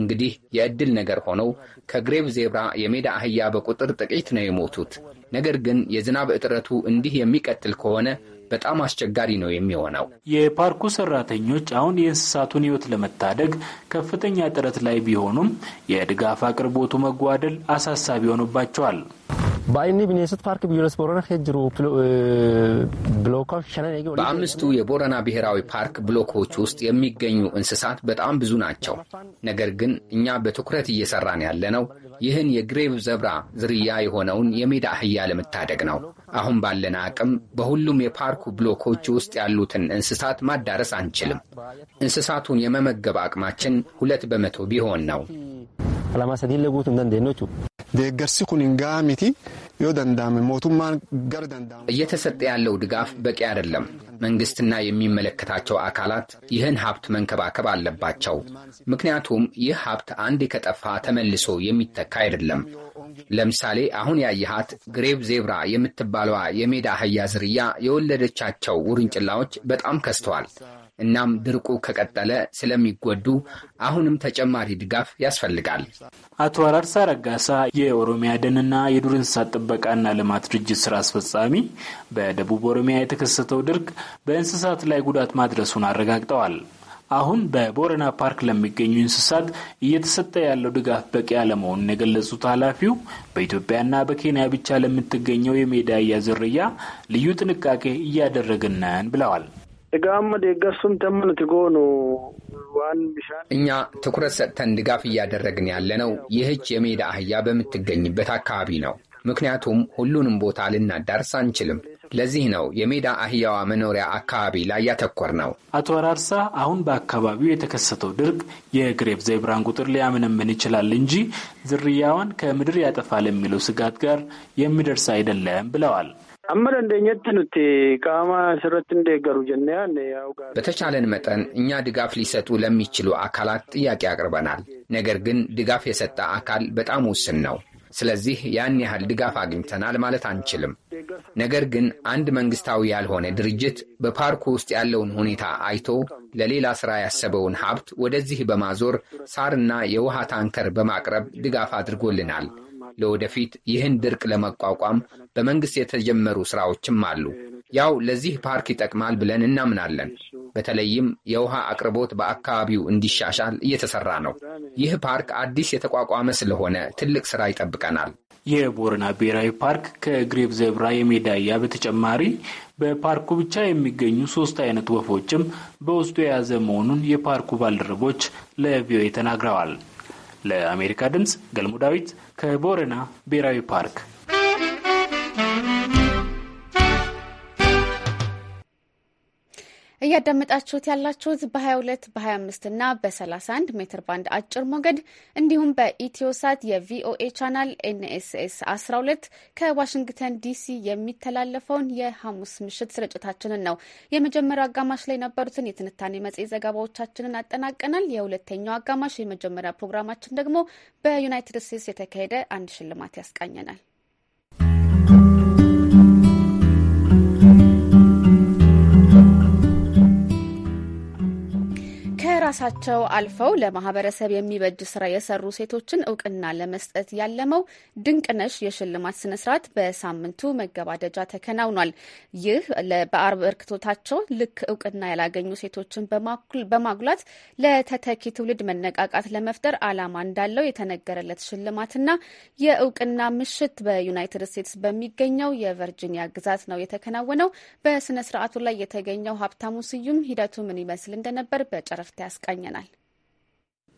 እንግዲህ የእድል ነገር ሆነው ከግሬቭ ዜብራ የሜዳ አህያ በቁጥር ጥቂት ነው የሞቱት። ነገር ግን የዝናብ እጥረቱ እንዲህ የሚቀጥል ከሆነ በጣም አስቸጋሪ ነው የሚሆነው። የፓርኩ ሰራተኞች አሁን የእንስሳቱን ሕይወት ለመታደግ ከፍተኛ ጥረት ላይ ቢሆኑም የድጋፍ አቅርቦቱ መጓደል አሳሳቢ ሆኖባቸዋል። በአይኒ ቢኔሰት ፓርክ ብዮለስ ቦረና ከጅሩ ብሎኮች በአምስቱ የቦረና ብሔራዊ ፓርክ ብሎኮች ውስጥ የሚገኙ እንስሳት በጣም ብዙ ናቸው። ነገር ግን እኛ በትኩረት እየሰራን ያለነው ይህን የግሬቭ ዘብራ ዝርያ የሆነውን የሜዳ አህያ ለመታደግ ነው። አሁን ባለን አቅም በሁሉም የፓርኩ ብሎኮች ውስጥ ያሉትን እንስሳት ማዳረስ አንችልም። እንስሳቱን የመመገብ አቅማችን ሁለት በመቶ ቢሆን ነው። deeggarsi kun hin gahamiti yoo danda'ame mootummaan gara እየተሰጠ ያለው ድጋፍ በቂ አይደለም። መንግስትና የሚመለከታቸው አካላት ይህን ሀብት መንከባከብ አለባቸው። ምክንያቱም ይህ ሀብት አንድ ከጠፋ ተመልሶ የሚተካ አይደለም። ለምሳሌ አሁን ያየሃት ግሬቭ ዜብራ የምትባለዋ የሜዳ አህያ ዝርያ የወለደቻቸው ውርንጭላዎች በጣም ከስተዋል። እናም ድርቁ ከቀጠለ ስለሚጎዱ አሁንም ተጨማሪ ድጋፍ ያስፈልጋል። አቶ አራርሳ ረጋሳ የኦሮሚያ ደንና የዱር እንስሳት ጥበቃና ልማት ድርጅት ስራ አስፈጻሚ፣ በደቡብ ኦሮሚያ የተከሰተው ድርቅ በእንስሳት ላይ ጉዳት ማድረሱን አረጋግጠዋል። አሁን በቦረና ፓርክ ለሚገኙ እንስሳት እየተሰጠ ያለው ድጋፍ በቂ አለመሆኑን የገለጹት ኃላፊው በኢትዮጵያና በኬንያ ብቻ ለምትገኘው የሜዳ አህያ ዝርያ ልዩ ጥንቃቄ እያደረግነን ብለዋል። Egaa amma deeggarsuun nuti goonu እኛ ትኩረት ሰጥተን ድጋፍ እያደረግን ያለነው ይህች የሜዳ አህያ በምትገኝበት አካባቢ ነው። ምክንያቱም ሁሉንም ቦታ ልናዳርስ አንችልም። ለዚህ ነው የሜዳ አህያዋ መኖሪያ አካባቢ ላይ ያተኮር ነው። አቶ አራርሳ አሁን በአካባቢው የተከሰተው ድርቅ የግሬፕ ዘይብራን ቁጥር ሊያመነምን ይችላል እንጂ ዝርያዋን ከምድር ያጠፋል የሚለው ስጋት ጋር የሚደርስ አይደለም ብለዋል። amma dandeenyetti nuti qaama asirratti hindeeggaru jennee በተቻለን መጠን እኛ ድጋፍ ሊሰጡ ለሚችሉ አካላት ጥያቄ አቅርበናል። ነገር ግን ድጋፍ የሰጠ አካል በጣም ውስን ነው። ስለዚህ ያን ያህል ድጋፍ አግኝተናል ማለት አንችልም። ነገር ግን አንድ መንግስታዊ ያልሆነ ድርጅት በፓርኩ ውስጥ ያለውን ሁኔታ አይቶ ለሌላ ሥራ ያሰበውን ሀብት ወደዚህ በማዞር ሳርና የውሃ ታንከር በማቅረብ ድጋፍ አድርጎልናል። ለወደፊት ይህን ድርቅ ለመቋቋም በመንግሥት የተጀመሩ ሥራዎችም አሉ። ያው ለዚህ ፓርክ ይጠቅማል ብለን እናምናለን። በተለይም የውሃ አቅርቦት በአካባቢው እንዲሻሻል እየተሰራ ነው። ይህ ፓርክ አዲስ የተቋቋመ ስለሆነ ትልቅ ስራ ይጠብቀናል። የቦረና ብሔራዊ ፓርክ ከግሬቭ ዘብራ የሜዳያ በተጨማሪ በፓርኩ ብቻ የሚገኙ ሶስት አይነት ወፎችም በውስጡ የያዘ መሆኑን የፓርኩ ባልደረቦች ለቪኦኤ ተናግረዋል። ለአሜሪካ ድምፅ ገልሞ ዳዊት ከቦረና ብሔራዊ ፓርክ እያዳመጣችሁት ያላችሁት በ22 በ25 እና በ31 ሜትር ባንድ አጭር ሞገድ እንዲሁም በኢትዮሳት የቪኦኤ ቻናል ኤንኤስኤስ 12 ከዋሽንግተን ዲሲ የሚተላለፈውን የሐሙስ ምሽት ስርጭታችንን ነው። የመጀመሪያው አጋማሽ ላይ የነበሩትን የትንታኔ መጽሔት ዘገባዎቻችንን አጠናቀናል። የሁለተኛው አጋማሽ የመጀመሪያ ፕሮግራማችን ደግሞ በዩናይትድ ስቴትስ የተካሄደ አንድ ሽልማት ያስቃኘናል። ከራሳቸው አልፈው ለማህበረሰብ የሚበጅ ስራ የሰሩ ሴቶችን እውቅና ለመስጠት ያለመው ድንቅነሽ የሽልማት ስነስርዓት በሳምንቱ መገባደጃ ተከናውኗል። ይህ በአበርክቶታቸው ልክ እውቅና ያላገኙ ሴቶችን በማጉላት ለተተኪ ትውልድ መነቃቃት ለመፍጠር ዓላማ እንዳለው የተነገረለት ሽልማትና የእውቅና ምሽት በዩናይትድ ስቴትስ በሚገኘው የቨርጂኒያ ግዛት ነው የተከናወነው። በስነስርዓቱ ላይ የተገኘው ሀብታሙ ስዩም ሂደቱ ምን ይመስል እንደነበር በጨረፍታ ያስቃኘናል።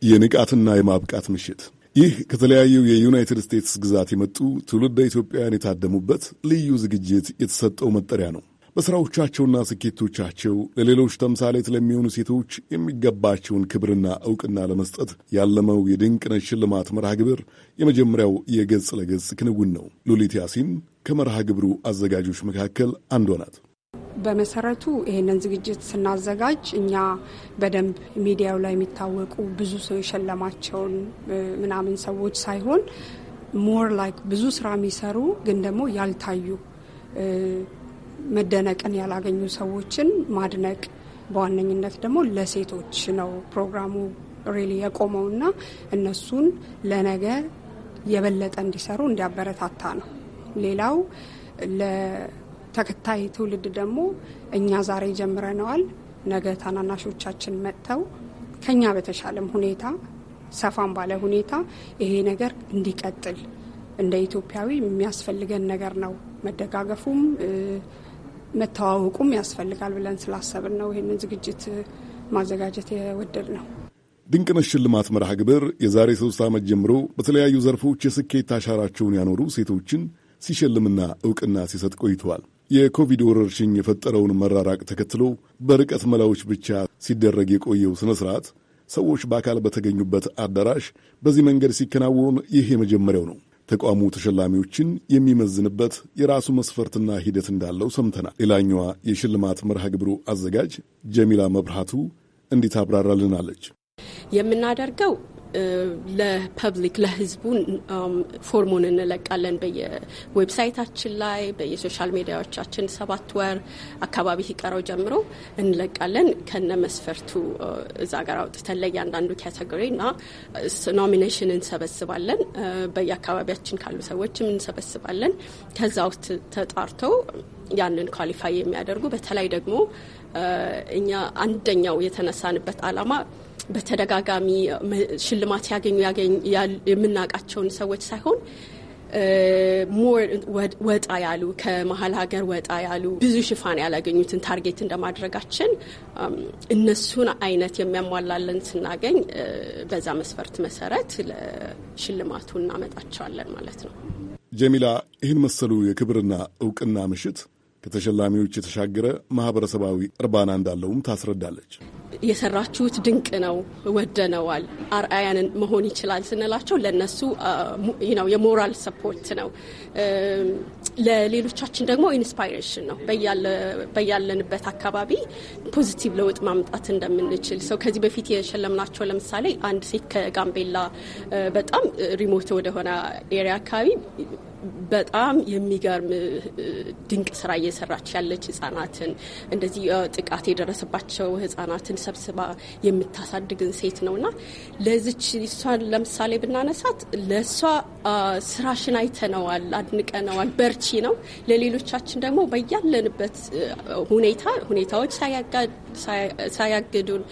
የንቃትና የማብቃት ምሽት ይህ ከተለያዩ የዩናይትድ ስቴትስ ግዛት የመጡ ትውልደ ኢትዮጵያውያን የታደሙበት ልዩ ዝግጅት የተሰጠው መጠሪያ ነው። በሥራዎቻቸውና ስኬቶቻቸው ለሌሎች ተምሳሌት ለሚሆኑ ሴቶች የሚገባቸውን ክብርና ዕውቅና ለመስጠት ያለመው የድንቅነት ሽልማት መርሃ ግብር የመጀመሪያው የገጽ ለገጽ ክንውን ነው። ሉሊት ያሲን ከመርሃ ግብሩ አዘጋጆች መካከል አንዷ ናት። በመሰረቱ ይህንን ዝግጅት ስናዘጋጅ እኛ በደንብ ሚዲያው ላይ የሚታወቁ ብዙ ሰው የሸለማቸውን ምናምን ሰዎች ሳይሆን ሞር ላይክ ብዙ ስራ የሚሰሩ ግን ደግሞ ያልታዩ መደነቅን ያላገኙ ሰዎችን ማድነቅ በዋነኝነት ደግሞ ለሴቶች ነው ፕሮግራሙ ሬሊ እና እነሱን ለነገ የበለጠ እንዲሰሩ እንዲያበረታታ ነው። ሌላው ተከታይ ትውልድ ደግሞ እኛ ዛሬ ጀምረነዋል፣ ነገ ታናናሾቻችን መጥተው ከኛ በተሻለም ሁኔታ ሰፋም ባለ ሁኔታ ይሄ ነገር እንዲቀጥል እንደ ኢትዮጵያዊ የሚያስፈልገን ነገር ነው። መደጋገፉም መተዋወቁም ያስፈልጋል ብለን ስላሰብን ነው ይህንን ዝግጅት ማዘጋጀት የወደድ ነው። ድንቅነሽ ሽልማት መርሃ ግብር የዛሬ ሶስት ዓመት ጀምሮ በተለያዩ ዘርፎች የስኬት አሻራቸውን ያኖሩ ሴቶችን ሲሸልምና እውቅና ሲሰጥ ቆይተዋል። የኮቪድ ወረርሽኝ የፈጠረውን መራራቅ ተከትሎ በርቀት መላዎች ብቻ ሲደረግ የቆየው ስነ ስርዓት ሰዎች በአካል በተገኙበት አዳራሽ በዚህ መንገድ ሲከናወን ይህ የመጀመሪያው ነው። ተቋሙ ተሸላሚዎችን የሚመዝንበት የራሱ መስፈርትና ሂደት እንዳለው ሰምተናል። ሌላኛዋ የሽልማት መርሃ ግብሩ አዘጋጅ ጀሚላ መብርሃቱ እንዲት አብራራልናለች። የምናደርገው ለፐብሊክ ለህዝቡ ፎርሙን እንለቃለን በየዌብሳይታችን ላይ በየሶሻል ሚዲያዎቻችን ሰባት ወር አካባቢ ሲቀረው ጀምሮ እንለቃለን። ከነ መስፈርቱ እዛ ጋር አውጥተን ለእያንዳንዱ ካቴጎሪ እና ኖሚኔሽን እንሰበስባለን። በየአካባቢያችን ካሉ ሰዎችም እንሰበስባለን። ከዛ ውስጥ ተጣርተው ያንን ኳሊፋይ የሚያደርጉ በተለይ ደግሞ እኛ አንደኛው የተነሳንበት አላማ በተደጋጋሚ ሽልማት ያገኙ የምናውቃቸውን ሰዎች ሳይሆን ሞር ወጣ ያሉ ከመሀል ሀገር ወጣ ያሉ ብዙ ሽፋን ያላገኙትን ታርጌት እንደማድረጋችን እነሱን አይነት የሚያሟላለን ስናገኝ በዛ መስፈርት መሰረት ለሽልማቱ እናመጣቸዋለን ማለት ነው። ጀሚላ፣ ይህን መሰሉ የክብርና እውቅና ምሽት ከተሸላሚዎች የተሻገረ ማህበረሰባዊ እርባና እንዳለውም ታስረዳለች። የሰራችሁት ድንቅ ነው፣ ወደነዋል፣ አርአያንን መሆን ይችላል ስንላቸው ለእነሱ የሞራል ሰፖርት ነው፣ ለሌሎቻችን ደግሞ ኢንስፓይሬሽን ነው። በያለንበት አካባቢ ፖዚቲቭ ለውጥ ማምጣት እንደምንችል ሰው ከዚህ በፊት የሸለምናቸው ለምሳሌ አንድ ሴት ከጋምቤላ በጣም ሪሞት ወደሆነ ኤሪያ አካባቢ በጣም የሚገርም ድንቅ ስራ እየሰራች ያለች ህጻናትን እንደዚህ ጥቃት የደረሰባቸው ህጻናትን ሰብስባ የምታሳድግን ሴት ነው ነውና ለዚች እሷን ለምሳሌ ብናነሳት ለእሷ ስራሽን አይተነዋል፣ አድንቀነዋል፣ በርቺ ነው። ለሌሎቻችን ደግሞ በያለንበት ሁኔታ ሁኔታዎች ሳያጋ ሳያግዱን፣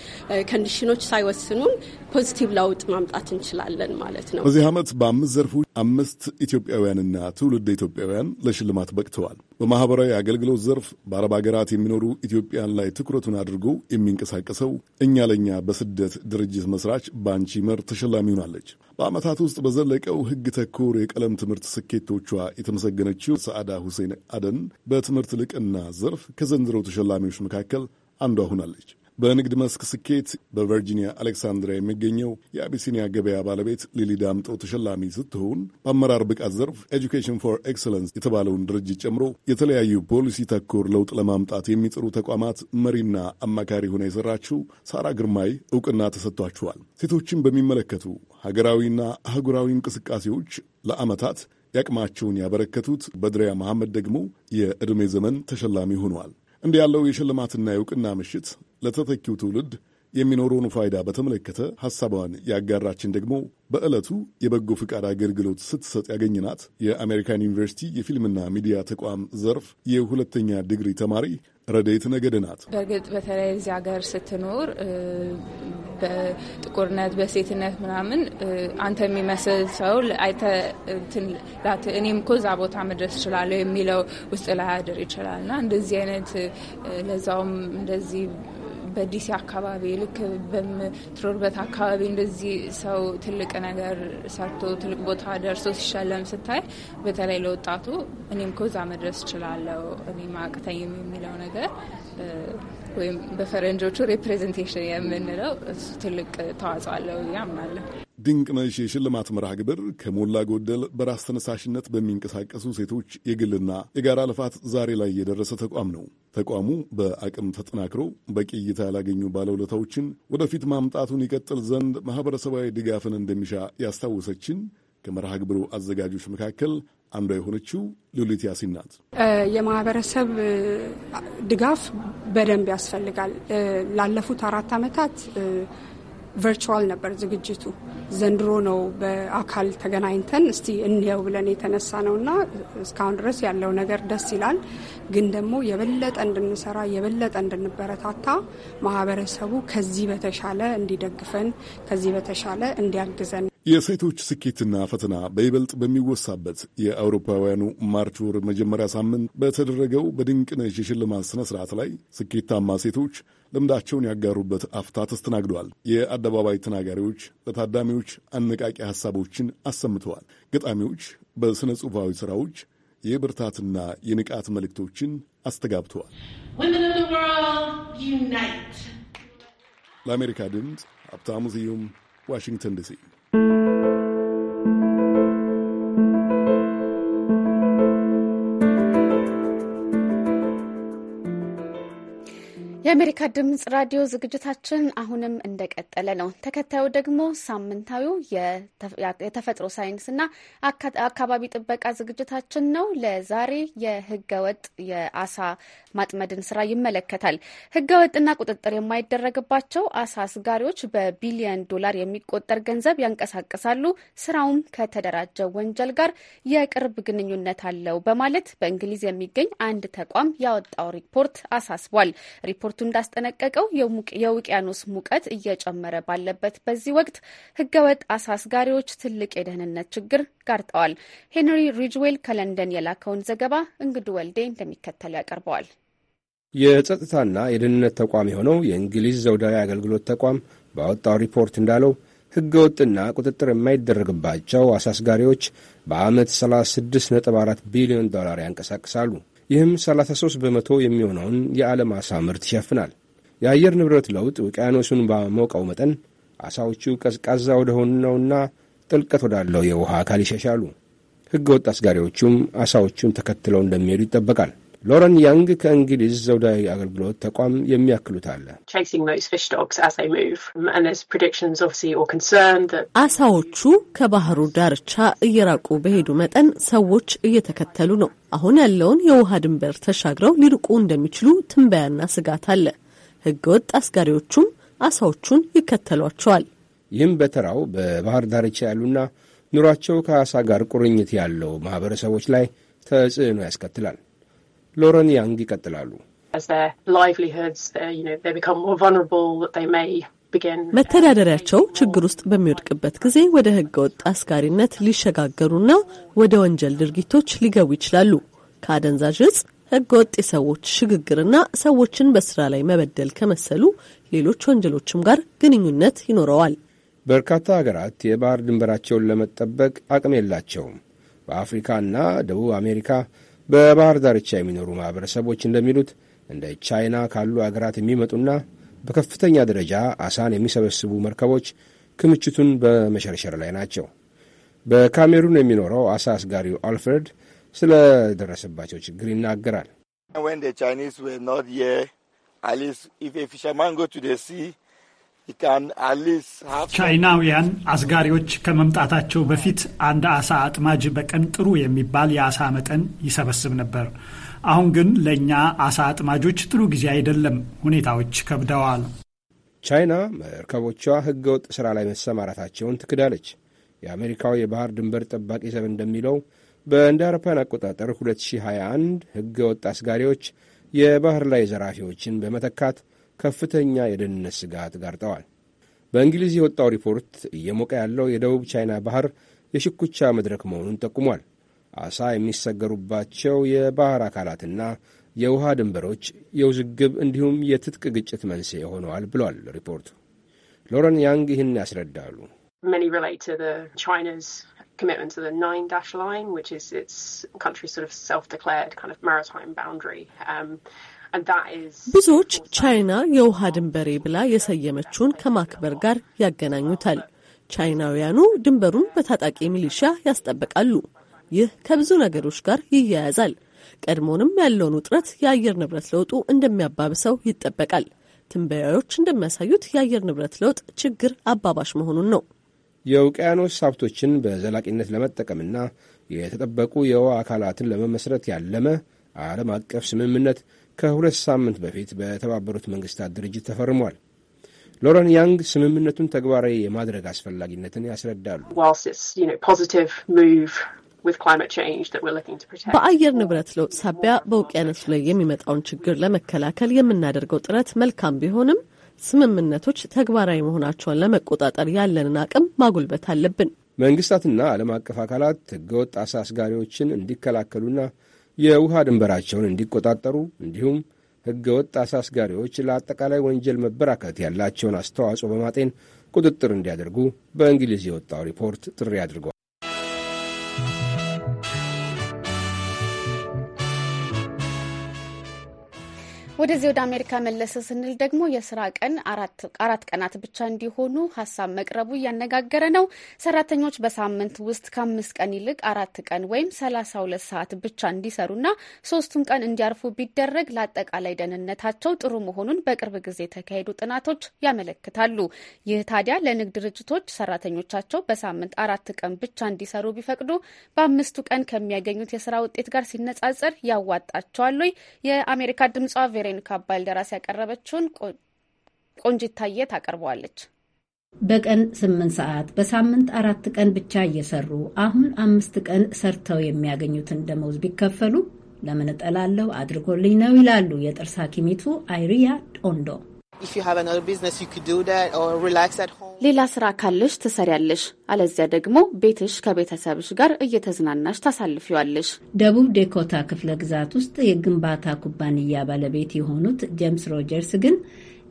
ከንዲሽኖች ሳይወስኑን ፖዚቲቭ ለውጥ ማምጣት እንችላለን ማለት ነው። በዚህ ዓመት በአምስት ዘርፉ አምስት ኢትዮጵያውያንና ትውልድ ኢትዮጵያውያን ለሽልማት በቅተዋል። በማህበራዊ አገልግሎት ዘርፍ በአረብ ሀገራት የሚኖሩ ኢትዮጵያን ላይ ትኩረቱን አድርጎ የሚንቀሳቀሰው እኛ ለእኛ በስደት ድርጅት መስራች በአንቺ መር ተሸላሚ ሆናለች። በዓመታት ውስጥ በዘለቀው ሕግ ተኮር የቀለም ትምህርት ስኬቶቿ የተመሰገነችው ሰዓዳ ሁሴን አደን በትምህርት ልቅና ዘርፍ ከዘንድሮው ተሸላሚዎች መካከል አንዷ ሆናለች። በንግድ መስክ ስኬት በቨርጂኒያ አሌክሳንድሪያ የሚገኘው የአቢሲኒያ ገበያ ባለቤት ሊሊ ዳምጠው ተሸላሚ ስትሆን በአመራር ብቃት ዘርፍ ኤጁኬሽን ፎር ኤክሰለንስ የተባለውን ድርጅት ጨምሮ የተለያዩ ፖሊሲ ተኮር ለውጥ ለማምጣት የሚጥሩ ተቋማት መሪና አማካሪ ሆነ የሰራችው ሳራ ግርማይ እውቅና ተሰጥቷቸዋል። ሴቶችን በሚመለከቱ ሀገራዊና አህጉራዊ እንቅስቃሴዎች ለዓመታት የአቅማቸውን ያበረከቱት በድሪያ መሐመድ ደግሞ የዕድሜ ዘመን ተሸላሚ ሆነዋል። እንዲህ ያለው የሽልማትና የእውቅና ምሽት ለተተኪው ትውልድ የሚኖረውን ፋይዳ በተመለከተ ሐሳቧን ያጋራችን ደግሞ በዕለቱ የበጎ ፍቃድ አገልግሎት ስትሰጥ ያገኝናት የአሜሪካን ዩኒቨርሲቲ የፊልምና ሚዲያ ተቋም ዘርፍ የሁለተኛ ዲግሪ ተማሪ ረድኤት ነገድ ናት። በእርግጥ በተለይ እዚህ ሀገር ስትኖር በጥቁርነት በሴትነት ምናምን አንተ የሚመስል ሰው እኔም እኮ እዛ ቦታ መድረስ እችላለሁ የሚለው ውስጥ ላይ አድር ይችላል እና እንደዚህ አይነት ለዛውም እንደዚህ በዲሲ አካባቢ ልክ በምትሮርበት አካባቢ እንደዚህ ሰው ትልቅ ነገር ሰርቶ ትልቅ ቦታ ደርሶ ሲሸለም ስታይ በተለይ ለወጣቱ እኔም ኮዛ መድረስ እችላለሁ እኔ ማቅተኝም የሚለው ነገር ወይም በፈረንጆቹ ሪፕሬዘንቴሽን የምንለው እሱ ትልቅ ተዋጽኦ አለው ያምናለን። ድንቅ ነሽ የሽልማት መርሃ ግብር ከሞላ ጎደል በራስ ተነሳሽነት በሚንቀሳቀሱ ሴቶች የግልና የጋራ ልፋት ዛሬ ላይ የደረሰ ተቋም ነው። ተቋሙ በአቅም ተጠናክሮ በቂ እይታ ያላገኙ ባለውለታዎችን ወደፊት ማምጣቱን ይቀጥል ዘንድ ማህበረሰባዊ ድጋፍን እንደሚሻ ያስታወሰችን ከመርሃ ግብሩ አዘጋጆች መካከል አንዷ የሆነችው ሉሊት ያሲን ናት። የማህበረሰብ ድጋፍ በደንብ ያስፈልጋል። ላለፉት አራት ዓመታት ቨርቹዋል ነበር ዝግጅቱ። ዘንድሮ ነው በአካል ተገናኝተን እስቲ እንየው ብለን የተነሳ ነው እና እስካሁን ድረስ ያለው ነገር ደስ ይላል። ግን ደግሞ የበለጠ እንድንሰራ የበለጠ እንድንበረታታ ማህበረሰቡ ከዚህ በተሻለ እንዲደግፈን ከዚህ በተሻለ እንዲያግዘን የሴቶች ስኬትና ፈተና በይበልጥ በሚወሳበት የአውሮፓውያኑ ማርች ወር መጀመሪያ ሳምንት በተደረገው በድንቅነሽ የሽልማት ስነ ስርዓት ላይ ስኬታማ ሴቶች ልምዳቸውን ያጋሩበት አፍታ ተስተናግደዋል። የአደባባይ ተናጋሪዎች ለታዳሚዎች አነቃቂ ሐሳቦችን አሰምተዋል። ገጣሚዎች በሥነ ጽሑፋዊ ሥራዎች የብርታትና የንቃት መልእክቶችን አስተጋብተዋል። ለአሜሪካ ድምፅ ሀብታሙ ስዩም ዋሽንግተን ዲሲ thank you የአሜሪካ ድምጽ ራዲዮ ዝግጅታችን አሁንም እንደቀጠለ ነው። ተከታዩ ደግሞ ሳምንታዊው የተፈጥሮ ሳይንስና አካባቢ ጥበቃ ዝግጅታችን ነው። ለዛሬ የህገወጥ የአሳ ማጥመድን ስራ ይመለከታል። ህገወጥና ቁጥጥር የማይደረግባቸው አሳ አስጋሪዎች በቢሊዮን ዶላር የሚቆጠር ገንዘብ ያንቀሳቅሳሉ። ስራውም ከተደራጀ ወንጀል ጋር የቅርብ ግንኙነት አለው በማለት በእንግሊዝ የሚገኝ አንድ ተቋም ያወጣው ሪፖርት አሳስቧል። ሪፖርት ሪፖርቱ እንዳስጠነቀቀው የውቅያኖስ ሙቀት እየጨመረ ባለበት በዚህ ወቅት ህገወጥ አሳ አስጋሪዎች ትልቅ የደህንነት ችግር ጋርጠዋል። ሄንሪ ሪጅዌል ከለንደን የላከውን ዘገባ እንግዱ ወልዴ እንደሚከተል ያቀርበዋል። የጸጥታና የደህንነት ተቋም የሆነው የእንግሊዝ ዘውዳዊ አገልግሎት ተቋም ባወጣው ሪፖርት እንዳለው ህገወጥና ቁጥጥር የማይደረግባቸው አሳስጋሪዎች በዓመት 36.4 ቢሊዮን ዶላር ያንቀሳቅሳሉ። ይህም 33 በመቶ የሚሆነውን የዓለም ዓሣ ምርት ይሸፍናል። የአየር ንብረት ለውጥ ውቅያኖሱን ባሞቀው መጠን ዓሣዎቹ ቀዝቃዛ ወደሆነውና ጥልቀት ወዳለው የውሃ አካል ይሸሻሉ። ሕገ ወጥ አስጋሪዎቹም ዓሣዎቹን ተከትለው እንደሚሄዱ ይጠበቃል። ሎረን ያንግ ከእንግሊዝ ዘውዳዊ አገልግሎት ተቋም የሚያክሉት አለ። አሳዎቹ ከባህሩ ዳርቻ እየራቁ በሄዱ መጠን ሰዎች እየተከተሉ ነው። አሁን ያለውን የውሃ ድንበር ተሻግረው ሊርቁ እንደሚችሉ ትንበያና ስጋት አለ። ሕገወጥ አስጋሪዎቹም አሳዎቹን ይከተሏቸዋል። ይህም በተራው በባህር ዳርቻ ያሉና ኑሯቸው ከአሳ ጋር ቁርኝት ያለው ማኅበረሰቦች ላይ ተጽዕኖ ያስከትላል። ሎረን ያንግ ይቀጥላሉ። uh, መተዳደሪያቸው ችግር ውስጥ በሚወድቅበት ጊዜ ወደ ህገወጥ አስጋሪነት ሊሸጋገሩና ወደ ወንጀል ድርጊቶች ሊገቡ ይችላሉ። ከአደንዛዥ እጽ፣ ህገወጥ የሰዎች ሽግግርና ሰዎችን በስራ ላይ መበደል ከመሰሉ ሌሎች ወንጀሎችም ጋር ግንኙነት ይኖረዋል። በርካታ ሀገራት የባህር ድንበራቸውን ለመጠበቅ አቅም የላቸውም። በአፍሪካና ደቡብ አሜሪካ በባህር ዳርቻ የሚኖሩ ማኅበረሰቦች እንደሚሉት እንደ ቻይና ካሉ አገራት የሚመጡና በከፍተኛ ደረጃ አሳን የሚሰበስቡ መርከቦች ክምችቱን በመሸርሸር ላይ ናቸው። በካሜሩን የሚኖረው አሳ አስጋሪው አልፍሬድ ስለ ደረሰባቸው ችግር ይናገራል። ቻይናውያን አስጋሪዎች ከመምጣታቸው በፊት አንድ አሳ አጥማጅ በቀን ጥሩ የሚባል የአሳ መጠን ይሰበስብ ነበር። አሁን ግን ለእኛ አሳ አጥማጆች ጥሩ ጊዜ አይደለም፣ ሁኔታዎች ከብደዋል። ቻይና መርከቦቿ ሕገወጥ ሥራ ላይ መሰማራታቸውን ትክዳለች። የአሜሪካው የባህር ድንበር ጠባቂ ዘብ እንደሚለው በእንደ አውሮፓን አቆጣጠር 2021 ሕገወጥ አስጋሪዎች የባህር ላይ ዘራፊዎችን በመተካት ከፍተኛ የደህንነት ስጋት ጋርጠዋል። በእንግሊዝ የወጣው ሪፖርት እየሞቀ ያለው የደቡብ ቻይና ባህር የሽኩቻ መድረክ መሆኑን ጠቁሟል። አሳ የሚሰገሩባቸው የባህር አካላትና የውሃ ድንበሮች የውዝግብ እንዲሁም የትጥቅ ግጭት መንስኤ ሆነዋል ብሏል ሪፖርቱ። ሎረን ያንግ ይህን ያስረዳሉ። ብዙዎች ቻይና የውሃ ድንበሬ ብላ የሰየመችውን ከማክበር ጋር ያገናኙታል። ቻይናውያኑ ድንበሩን በታጣቂ ሚሊሻ ያስጠብቃሉ። ይህ ከብዙ ነገሮች ጋር ይያያዛል። ቀድሞንም ያለውን ውጥረት የአየር ንብረት ለውጡ እንደሚያባብሰው ይጠበቃል። ትንበያዎች እንደሚያሳዩት የአየር ንብረት ለውጥ ችግር አባባሽ መሆኑን ነው። የውቅያኖስ ሀብቶችን በዘላቂነት ለመጠቀምና የተጠበቁ የውሃ አካላትን ለመመስረት ያለመ ዓለም አቀፍ ስምምነት ከሁለት ሳምንት በፊት በተባበሩት መንግስታት ድርጅት ተፈርሟል። ሎረን ያንግ ስምምነቱን ተግባራዊ የማድረግ አስፈላጊነትን ያስረዳሉ። በአየር ንብረት ለውጥ ሳቢያ በውቅያኖሱ ላይ የሚመጣውን ችግር ለመከላከል የምናደርገው ጥረት መልካም ቢሆንም ስምምነቶች ተግባራዊ መሆናቸውን ለመቆጣጠር ያለንን አቅም ማጉልበት አለብን። መንግስታትና ዓለም አቀፍ አካላት ህገወጥ አሳ አስጋሪዎችን እንዲከላከሉና የውሃ ድንበራቸውን እንዲቆጣጠሩ እንዲሁም ሕገ ወጥ አሳስጋሪዎች ለአጠቃላይ ወንጀል መበራከት ያላቸውን አስተዋጽኦ በማጤን ቁጥጥር እንዲያደርጉ በእንግሊዝ የወጣው ሪፖርት ጥሪ አድርጓል። ወደዚህ ወደ አሜሪካ መለስ ስንል ደግሞ የስራ ቀን አራት ቀናት ብቻ እንዲሆኑ ሀሳብ መቅረቡ እያነጋገረ ነው። ሰራተኞች በሳምንት ውስጥ ከአምስት ቀን ይልቅ አራት ቀን ወይም ሰላሳ ሁለት ሰዓት ብቻ እንዲሰሩና ሶስቱን ቀን እንዲያርፉ ቢደረግ ለአጠቃላይ ደህንነታቸው ጥሩ መሆኑን በቅርብ ጊዜ የተካሄዱ ጥናቶች ያመለክታሉ። ይህ ታዲያ ለንግድ ድርጅቶች ሰራተኞቻቸው በሳምንት አራት ቀን ብቻ እንዲሰሩ ቢፈቅዱ በአምስቱ ቀን ከሚያገኙት የስራ ውጤት ጋር ሲነጻጸር ያዋጣቸዋል ወይ? የአሜሪካ ድምጿ ቬሬ ሰሜን ካብ ባልደራስ ያቀረበችውን ቆንጂታየ ታቀርበዋለች። በቀን ስምንት ሰዓት በሳምንት አራት ቀን ብቻ እየሰሩ አሁን አምስት ቀን ሰርተው የሚያገኙትን ደመወዝ ቢከፈሉ ለምን እጠላለሁ አድርጎልኝ ነው ይላሉ የጥርስ ሐኪሚቱ አይሪያ ጦንዶ። ሌላ ስራ ካለሽ ትሰሪያለሽ፣ አለዚያ ደግሞ ቤትሽ ከቤተሰብሽ ጋር እየተዝናናሽ ታሳልፊዋለሽ። ደቡብ ዴኮታ ክፍለ ግዛት ውስጥ የግንባታ ኩባንያ ባለቤት የሆኑት ጄምስ ሮጀርስ ግን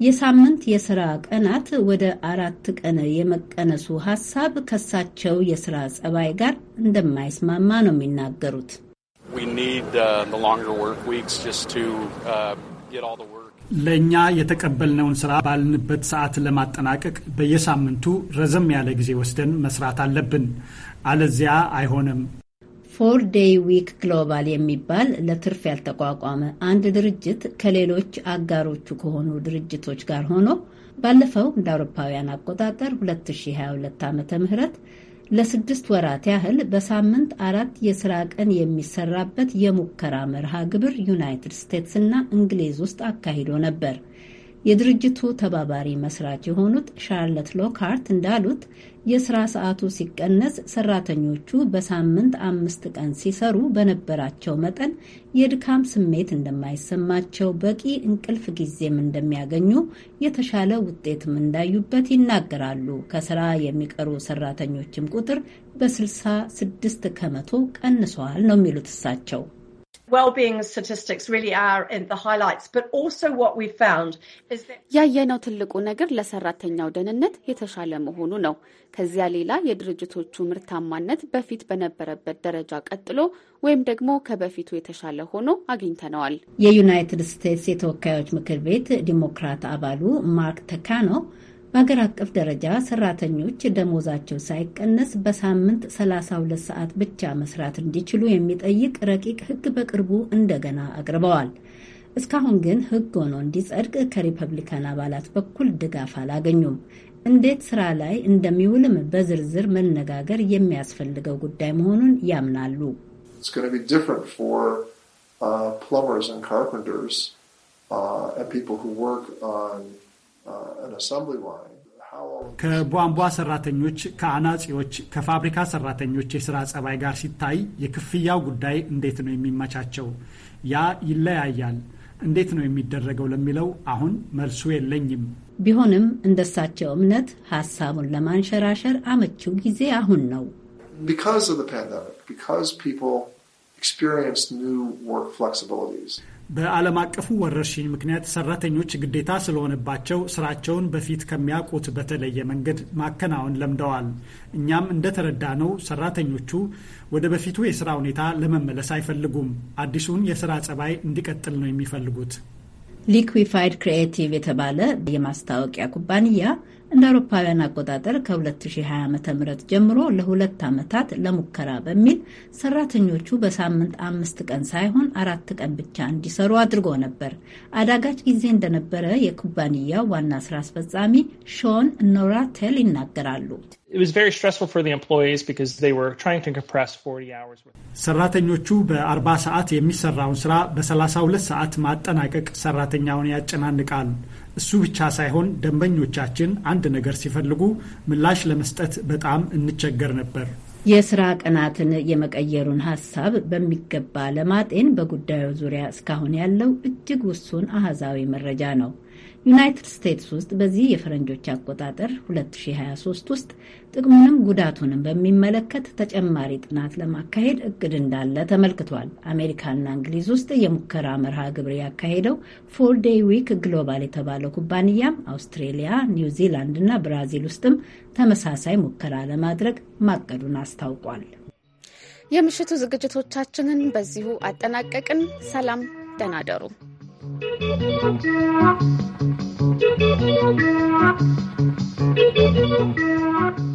የሳምንት የስራ ቀናት ወደ አራት ቀን የመቀነሱ ሀሳብ ከሳቸው የስራ ጸባይ ጋር እንደማይስማማ ነው የሚናገሩት። ለእኛ የተቀበልነውን ስራ ባልንበት ሰዓት ለማጠናቀቅ በየሳምንቱ ረዘም ያለ ጊዜ ወስደን መስራት አለብን። አለዚያ አይሆንም። ፎር ዴይ ዊክ ግሎባል የሚባል ለትርፍ ያልተቋቋመ አንድ ድርጅት ከሌሎች አጋሮቹ ከሆኑ ድርጅቶች ጋር ሆኖ ባለፈው እንደ አውሮፓውያን አቆጣጠር 2022 ዓ.ም ለስድስት ወራት ያህል በሳምንት አራት የስራ ቀን የሚሰራበት የሙከራ መርሃ ግብር ዩናይትድ ስቴትስ እና እንግሊዝ ውስጥ አካሂዶ ነበር። የድርጅቱ ተባባሪ መስራች የሆኑት ሻርለት ሎካርት እንዳሉት የስራ ሰዓቱ ሲቀነስ ሰራተኞቹ በሳምንት አምስት ቀን ሲሰሩ በነበራቸው መጠን የድካም ስሜት እንደማይሰማቸው፣ በቂ እንቅልፍ ጊዜም እንደሚያገኙ፣ የተሻለ ውጤትም እንዳዩበት ይናገራሉ። ከስራ የሚቀሩ ሰራተኞችም ቁጥር በ66 ከመቶ ቀንሰዋል ነው የሚሉት እሳቸው። ያየነው ትልቁ ነገር ለሰራተኛው ደህንነት የተሻለ መሆኑ ነው። ከዚያ ሌላ የድርጅቶቹ ምርታማነት በፊት በነበረበት ደረጃ ቀጥሎ ወይም ደግሞ ከበፊቱ የተሻለ ሆኖ አግኝተነዋል። የዩናይትድ ስቴትስ የተወካዮች ምክር ቤት ዲሞክራት አባሉ ማርክ ተካኖ በአገር አቀፍ ደረጃ ሰራተኞች ደሞዛቸው ሳይቀነስ በሳምንት 32 ሰዓት ብቻ መስራት እንዲችሉ የሚጠይቅ ረቂቅ ሕግ በቅርቡ እንደገና አቅርበዋል። እስካሁን ግን ሕግ ሆኖ እንዲጸድቅ ከሪፐብሊካን አባላት በኩል ድጋፍ አላገኙም። እንዴት ስራ ላይ እንደሚውልም በዝርዝር መነጋገር የሚያስፈልገው ጉዳይ መሆኑን ያምናሉ። Uh, ከቧንቧ ሰራተኞች፣ ከአናጺዎች፣ ከፋብሪካ ሰራተኞች የስራ ጸባይ ጋር ሲታይ የክፍያው ጉዳይ እንዴት ነው የሚመቻቸው? ያ ይለያያል። እንዴት ነው የሚደረገው ለሚለው አሁን መልሱ የለኝም። ቢሆንም እንደሳቸው እምነት ሀሳቡን ለማንሸራሸር አመቺው ጊዜ አሁን ነው። ቢካዝ ኦፍ ፓንደሚክ ቢካዝ ፒፕል ኤክስፒሪየንስ ኒው ወርክ ፍሌክሲቢሊቲስ በዓለም አቀፉ ወረርሽኝ ምክንያት ሰራተኞች ግዴታ ስለሆነባቸው ስራቸውን በፊት ከሚያውቁት በተለየ መንገድ ማከናወን ለምደዋል። እኛም እንደተረዳ ነው ሰራተኞቹ ወደ በፊቱ የስራ ሁኔታ ለመመለስ አይፈልጉም። አዲሱን የስራ ጸባይ እንዲቀጥል ነው የሚፈልጉት። ሊኩዊፋይድ ክሪኤቲቭ የተባለ የማስታወቂያ ኩባንያ እንደ አውሮፓውያን አቆጣጠር ከ2020 ዓ ም ጀምሮ ለሁለት ዓመታት ለሙከራ በሚል ሰራተኞቹ በሳምንት አምስት ቀን ሳይሆን አራት ቀን ብቻ እንዲሰሩ አድርጎ ነበር። አዳጋች ጊዜ እንደነበረ የኩባንያው ዋና ስራ አስፈጻሚ ሾን ኖራቴል ይናገራሉ። ሰራተኞቹ በ40 ሰዓት የሚሰራውን ስራ በ32 ሰዓት ማጠናቀቅ ሰራተኛውን ያጨናንቃል። እሱ ብቻ ሳይሆን ደንበኞቻችን አንድ ነገር ሲፈልጉ ምላሽ ለመስጠት በጣም እንቸገር ነበር። የስራ ቀናትን የመቀየሩን ሀሳብ በሚገባ ለማጤን በጉዳዩ ዙሪያ እስካሁን ያለው እጅግ ውሱን አሃዛዊ መረጃ ነው። ዩናይትድ ስቴትስ ውስጥ በዚህ የፈረንጆች አቆጣጠር 2023 ውስጥ ጥቅሙንም ጉዳቱንም በሚመለከት ተጨማሪ ጥናት ለማካሄድ እቅድ እንዳለ ተመልክቷል። አሜሪካና እንግሊዝ ውስጥ የሙከራ መርሃ ግብር ያካሄደው ፎር ዴይ ዊክ ግሎባል የተባለው ኩባንያም አውስትሬሊያ፣ ኒውዚላንድ እና ብራዚል ውስጥም ተመሳሳይ ሙከራ ለማድረግ ማቀዱን አስታውቋል። የምሽቱ ዝግጅቶቻችንን በዚሁ አጠናቀቅን። ሰላም፣ ደህና ደሩ። Thank you.